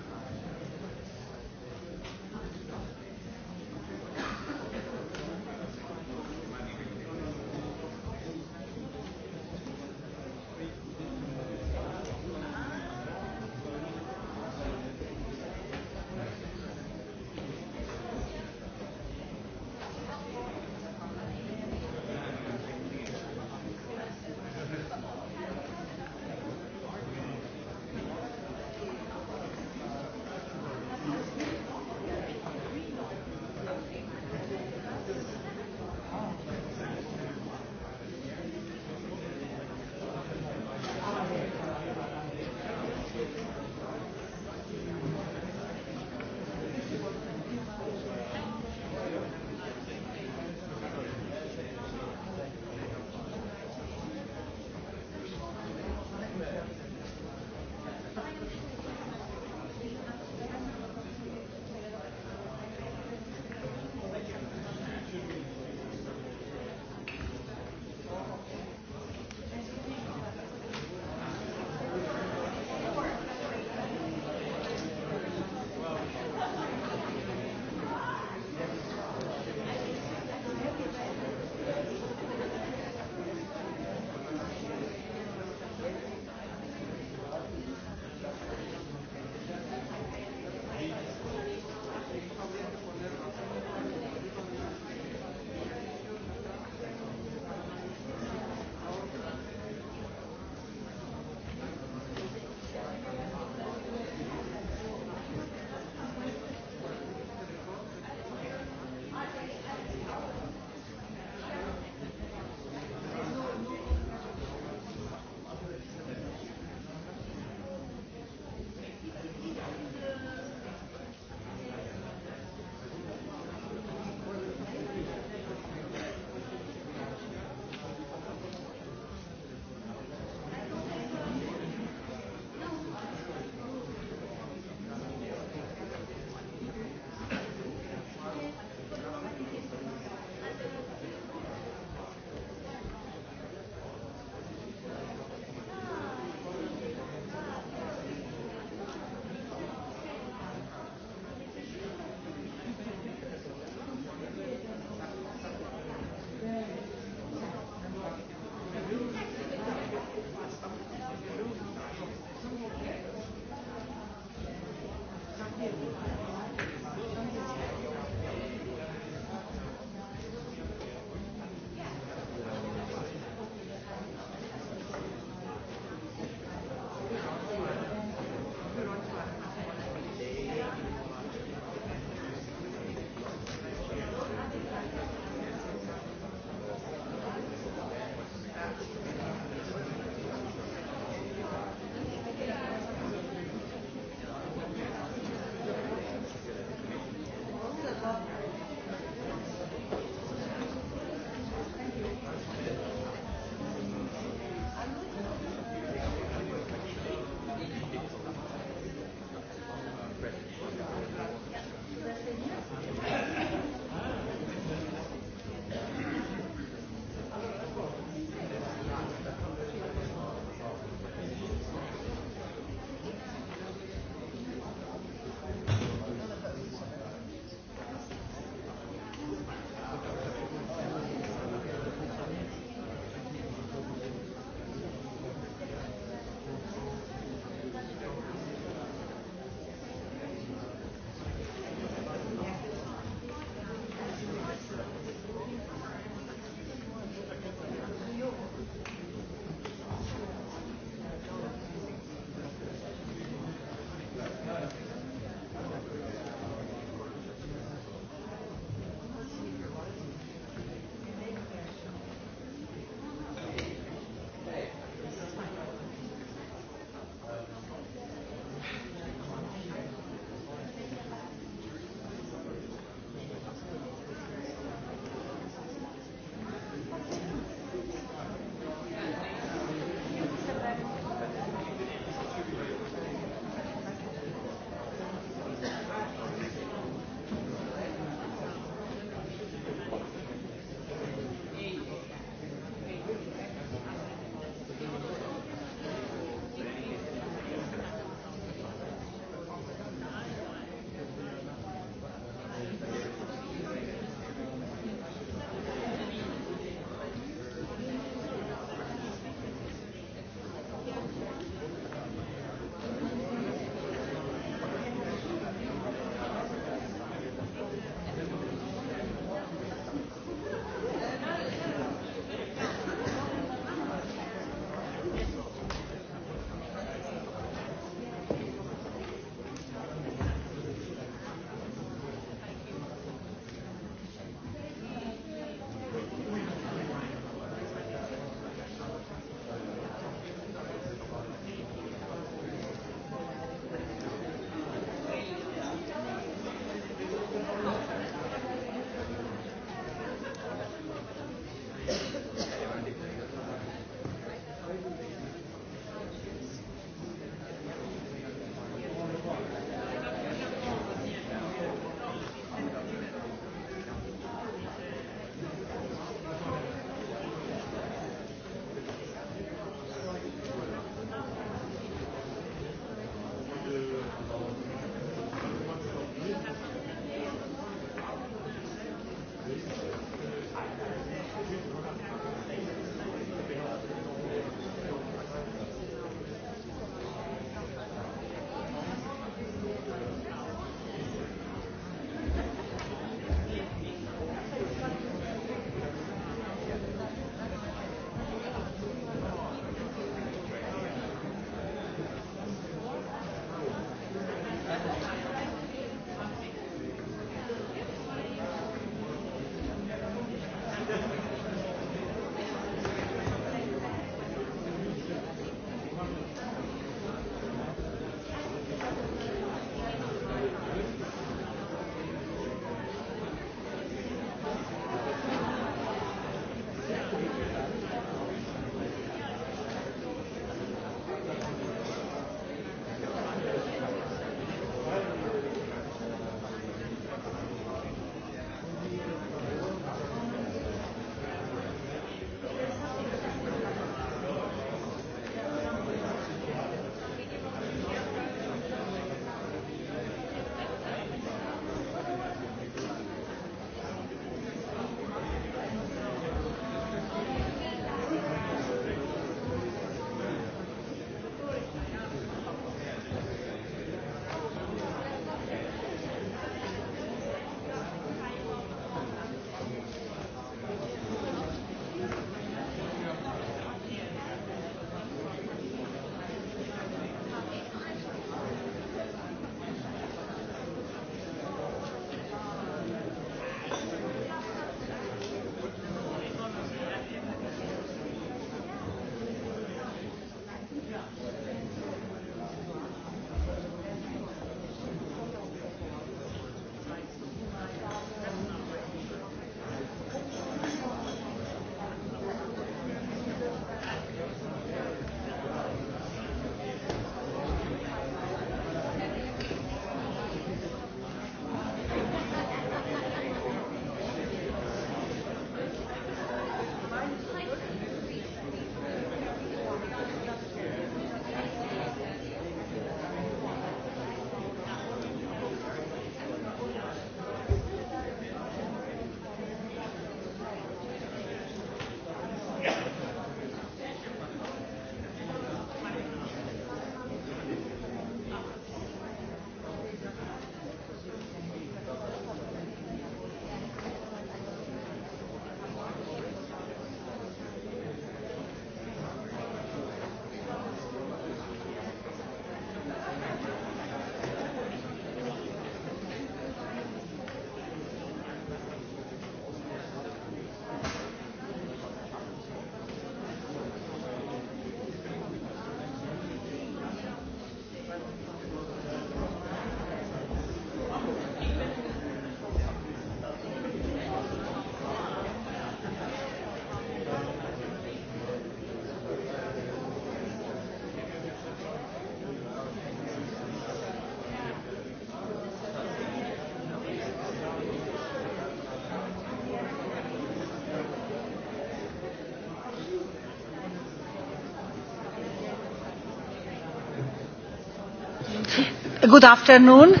Good afternoon.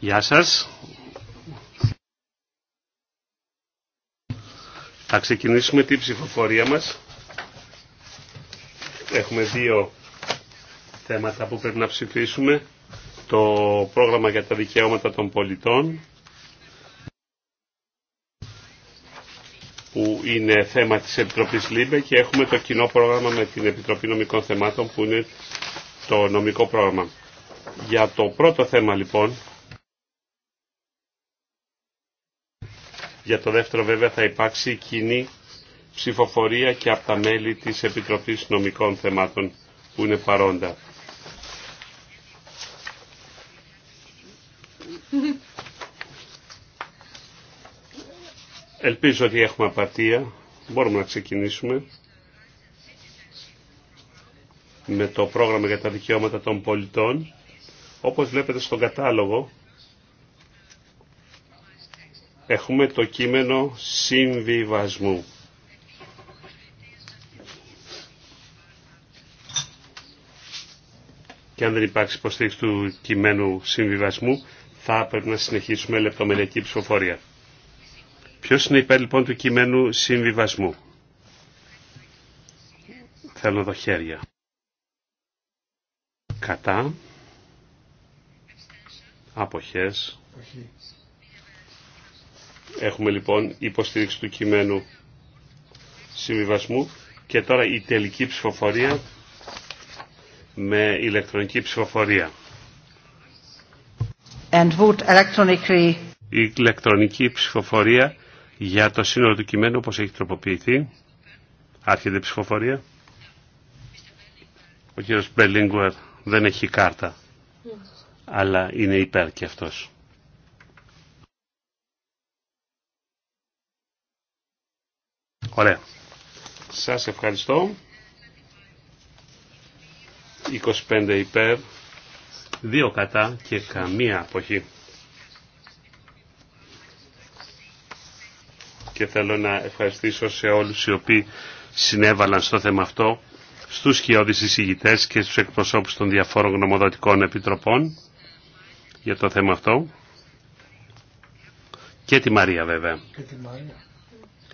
Γεια σας. Θα ξεκινήσουμε την ψηφοφορία μας. Έχουμε δύο θέματα που πρέπει να ψηφίσουμε. Το πρόγραμμα για τα δικαιώματα των πολιτών που είναι θέμα της Επιτροπής ΛΥΜΠΕ και έχουμε το κοινό πρόγραμμα με την Επιτροπή Νομικών Θεμάτων που είναι το νομικό πρόγραμμα. Για το πρώτο θέμα λοιπόν, για το δεύτερο βέβαια θα υπάρξει κοινή ψηφοφορία και από τα μέλη της Επιτροπής Νομικών Θεμάτων που είναι παρόντα. Ελπίζω ότι έχουμε απατία. Μπορούμε να ξεκινήσουμε με το πρόγραμμα για τα δικαιώματα των πολιτών. Όπως βλέπετε στον κατάλογο, έχουμε το κείμενο συμβιβασμού. Και αν δεν υπάρξει υποστήριξη του κειμένου συμβιβασμού, θα πρέπει να συνεχίσουμε λεπτομεριακή ψηφοφορία. Ποιος είναι υπέρ λοιπόν του κειμένου συμβιβασμού. Θέλω εδώ χέρια. Κατά αποχές. Έχουμε λοιπόν υποστήριξη του κειμένου συμβιβασμού και τώρα η τελική ψηφοφορία με ηλεκτρονική ψηφοφορία. And vote electronically. Η ηλεκτρονική ψηφοφορία για το σύνολο του κειμένου όπως έχει τροποποιηθεί. Άρχεται η ψηφοφορία. Ο κύριος Μπελίνγκουερ δεν έχει κάρτα. Ναι αλλά είναι υπέρ και αυτός. Ωραία. Σας ευχαριστώ. 25 υπέρ, 2 κατά και καμία αποχή. Και θέλω να ευχαριστήσω σε όλους οι οποίοι συνέβαλαν στο θέμα αυτό, στους χειώδεις εισηγητές και στους εκπροσώπους των διαφόρων γνωμοδοτικών επιτροπών για το θέμα αυτό. Και τη Μαρία βέβαια. Και τη Μαρία.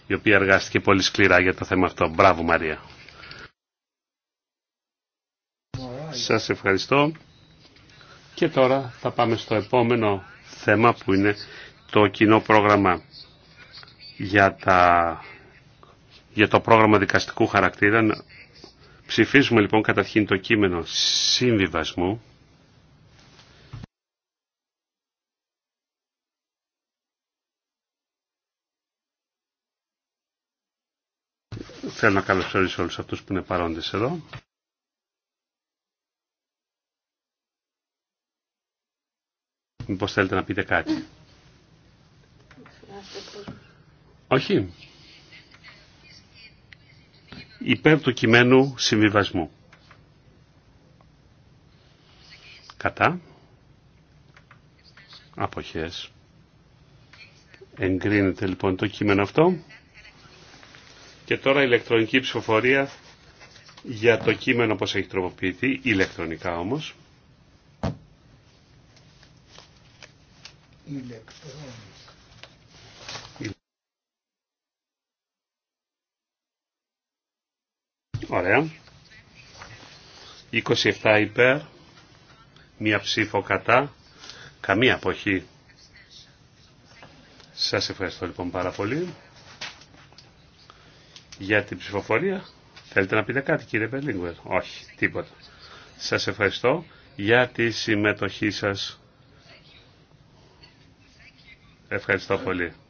Η οποία εργάστηκε πολύ σκληρά για το θέμα αυτό. Μπράβο Μαρία. Σας ευχαριστώ. Και τώρα θα πάμε στο επόμενο θέμα που είναι το κοινό πρόγραμμα για, τα, για το πρόγραμμα δικαστικού χαρακτήρα. Ψηφίζουμε λοιπόν καταρχήν το κείμενο συμβιβασμού. Θέλω να καλωσορίσω όλους αυτούς που είναι παρόντες εδώ. Μήπως θέλετε να πείτε κάτι. Όχι. Υπέρ του κειμένου συμβιβασμού. Κατά. Αποχές. Εγκρίνεται λοιπόν το κείμενο αυτό. Και τώρα ηλεκτρονική ψηφοφορία για το κείμενο όπως έχει τροποποιηθεί, ηλεκτρονικά όμως. Ηλεκτρονικά. Ωραία. 27 υπέρ, μία ψήφο κατά, καμία αποχή. Σας ευχαριστώ λοιπόν πάρα πολύ για την ψηφοφορία. Θέλετε να πείτε κάτι κύριε Μπελίγκουερ. Όχι, τίποτα. Σας ευχαριστώ για τη συμμετοχή σας. Ευχαριστώ πολύ.